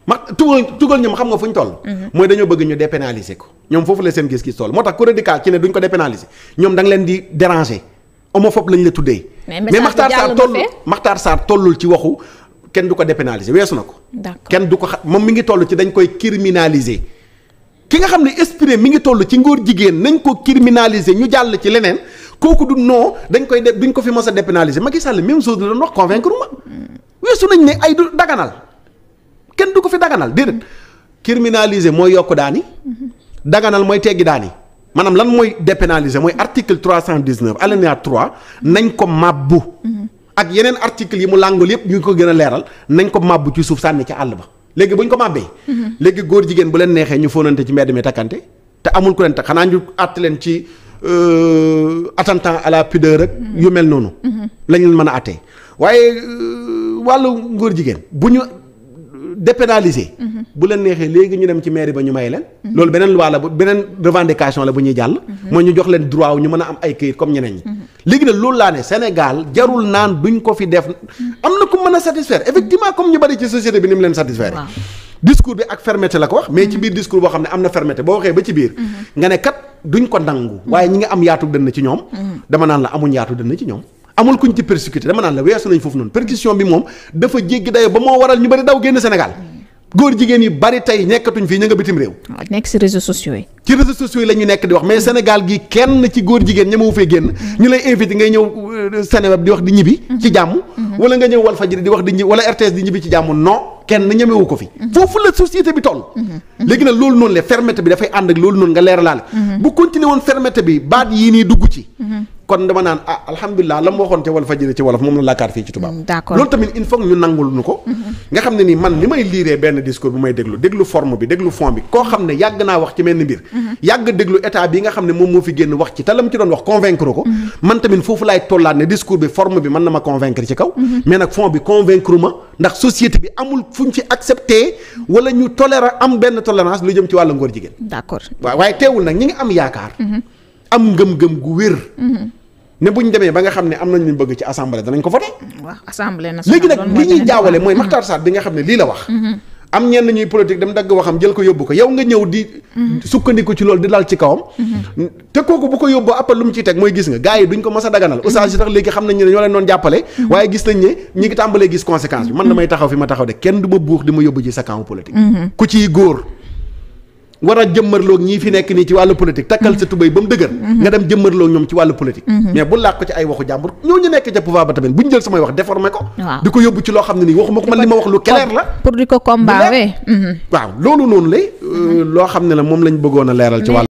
ma tugal tugal ñoom xam nga fu ñu toll. Mm-hmm. mooy dañoo bëgg ñu dépénaliser ko ñoom ko ñoom da leen di déranger. homophobe lañ la tuddee. mais Maxtaar Sarr toll Maxtaar saar tollul ci waxu kenn du ko dépénaliser weesu na ko. kenn du ko xa moom mi ngi toll ci dañ koy criminaliser. ki nga xam ne esprit mi ngi toll ci ngóor jigéen nañ ko criminaliser ñu jàll ci leneen kooku du noo dañ koy def duñ ko fi mos a dépénaliser Macky Sall même chose la doon wax convaincre ma weesu nañ ne ay du daganal kenn du ko fi daganal déedéet criminaliser mooy yokk daani mm-hmm. daganal mooy teggi daani maanaam lan mooy dépénaliser mooy article 319 alinéa 3 nañ ko màbbu ak yeneen article yi mu làngool yëpp ñu ngi ko gën a leeral nañ ko màbbu ci suuf sànni ca àll ba léegi bu ñu ko màbbee léegi góor jigéen bu leen neexee ñu fóonante ci mbedd mi takkante te amul ko leen takk xanaa ñu àtt leen ci euh, attentat à la pudeur rek yu mel noonu mm-hmm. lañ mën a àttee waaye euh, wàllu góor jigéen bu ñu dépénaliser. Mhm. bu leen neexee léegi ñu dem ci mairie ba ñu may leen. Mhm. loolu beneen loi la bu beneen revendication la bu ñuy jàll. Mhm. mooy ñu jox leen droit wu ñu mën a am ay këyit comme ñeneen ñi. léegi nag loolu laa ne Sénégal jarul naan duñ ko fi def am na ku mën a satisfaire effectivement comme ñu bari ci société bi ni mu leen satisfaire. discours bi ak fermeté la ko wax mais ci biir discours boo xam ne am na fermeté boo waxee ba ci biir. nga ne kat duñ ko nangu. waaye ñi nga am yaatu dënn ci ñoom. dama naan la amuñ yaatu dënn ci ñoom. amul kuñ ci persécuté dama naan la weesu nañ foofu noonu persécution bi moom dafa jéggi dayo ba moo waral ñu bari daw génn Sénégal góor jigéen yi bari tey nekkatuñ fii ña nga bitim réew. nekk ci réseaux sociaux yi. ci réseaux sociaux yi la ñu nekk di wax mais Sénégal gi kenn ci góor jigéen ñemewu fee génn. Mm-hmm. ñu lay invité ngay ñëw euh, Seneweb di wax di ñibbi. Mm-hmm. ci jàmm. Mm-hmm. wala nga ñëw Walfadjri di wax di ñi wala RTS di ñibbi ci jàmm non kenn ñemewu ko fi. foofu la société bi toll. loolu noonu la fermeté bi dafay ànd ak loolu noonu nga woon fermeté bi baat yii nii dugg ci. kon dama naan ah alhamdulilah la mu waxoon ca wal fajiri ci wolof moom la laakaar fii ci tubaab. Mm, d'accord loolu tamit il ñu nangul ñu ko. Mm-hmm. nga xam ne nii man li may liiree benn discours bu may déglu déglu bi déglu fond bi koo xam ne yàgg naa wax ci mel mbir. Mm-hmm. yàgg déglu état bi nga xam ne moom moo fi génn wax ci te la mu ci doon wax convaincre ko. Mm-hmm. man tamit foofu laay tollaat ne discours bi forme bi mën na ma convaincre ci kaw. mais nag fond bi convaincre ma ndax société bi amul fu ñu fi accepté wala ñu tolérer am benn tolérance lu jëm ci wàllu ngóor jigéen. ne bu ñu demee ba nga xam ne am nañ luñ bëgg ci assemblée danañ ko voté. waaw assemblée nationale léegi nag li ñuy jaawale mooy Makhtar Sarr bi nga xam ne lii la wax. Mm-hmm. am ñenn ñuy politique dem dagg waxam jël ko yóbbu ko yow nga ñëw di. Mm-hmm. sukkandiku ci loolu di dal ci kawam. Mm-hmm. te kooku bu ko yóbboo appal lu mu ciy teg mooy gis nga gars yi duñ ko mës a daganal. oustaz yi tax léegi xam nañ ne ñoo leen doon jàppale. waaye gis nañ ne ñi ngi tàmbalee gis conséquence bi. man damay taxaw fi ma taxaw de kenn du ma buux ma yóbbu ci sa camp ku ciy góor. war a jëmmarloog ñii fi nekk nii ci wàll politique takkal sa tubéy ba mu dëgër mhm. nga dem jëmmarloog ñoom ci wàllu politique mhm. mais bu laaj ko ci ay waxu jàmbur ñooñu nekk ca pouvoir ba tamit bu ñu jël samay wax déformé ko di ko yóbbu ci loo xam ne nii waxuma ko man li ma wax lu clair la pour di ko combattre mhm. waaw loolu noonu lay euh, loo xam ne la moom lañ bëggoon a leeral ci wàllu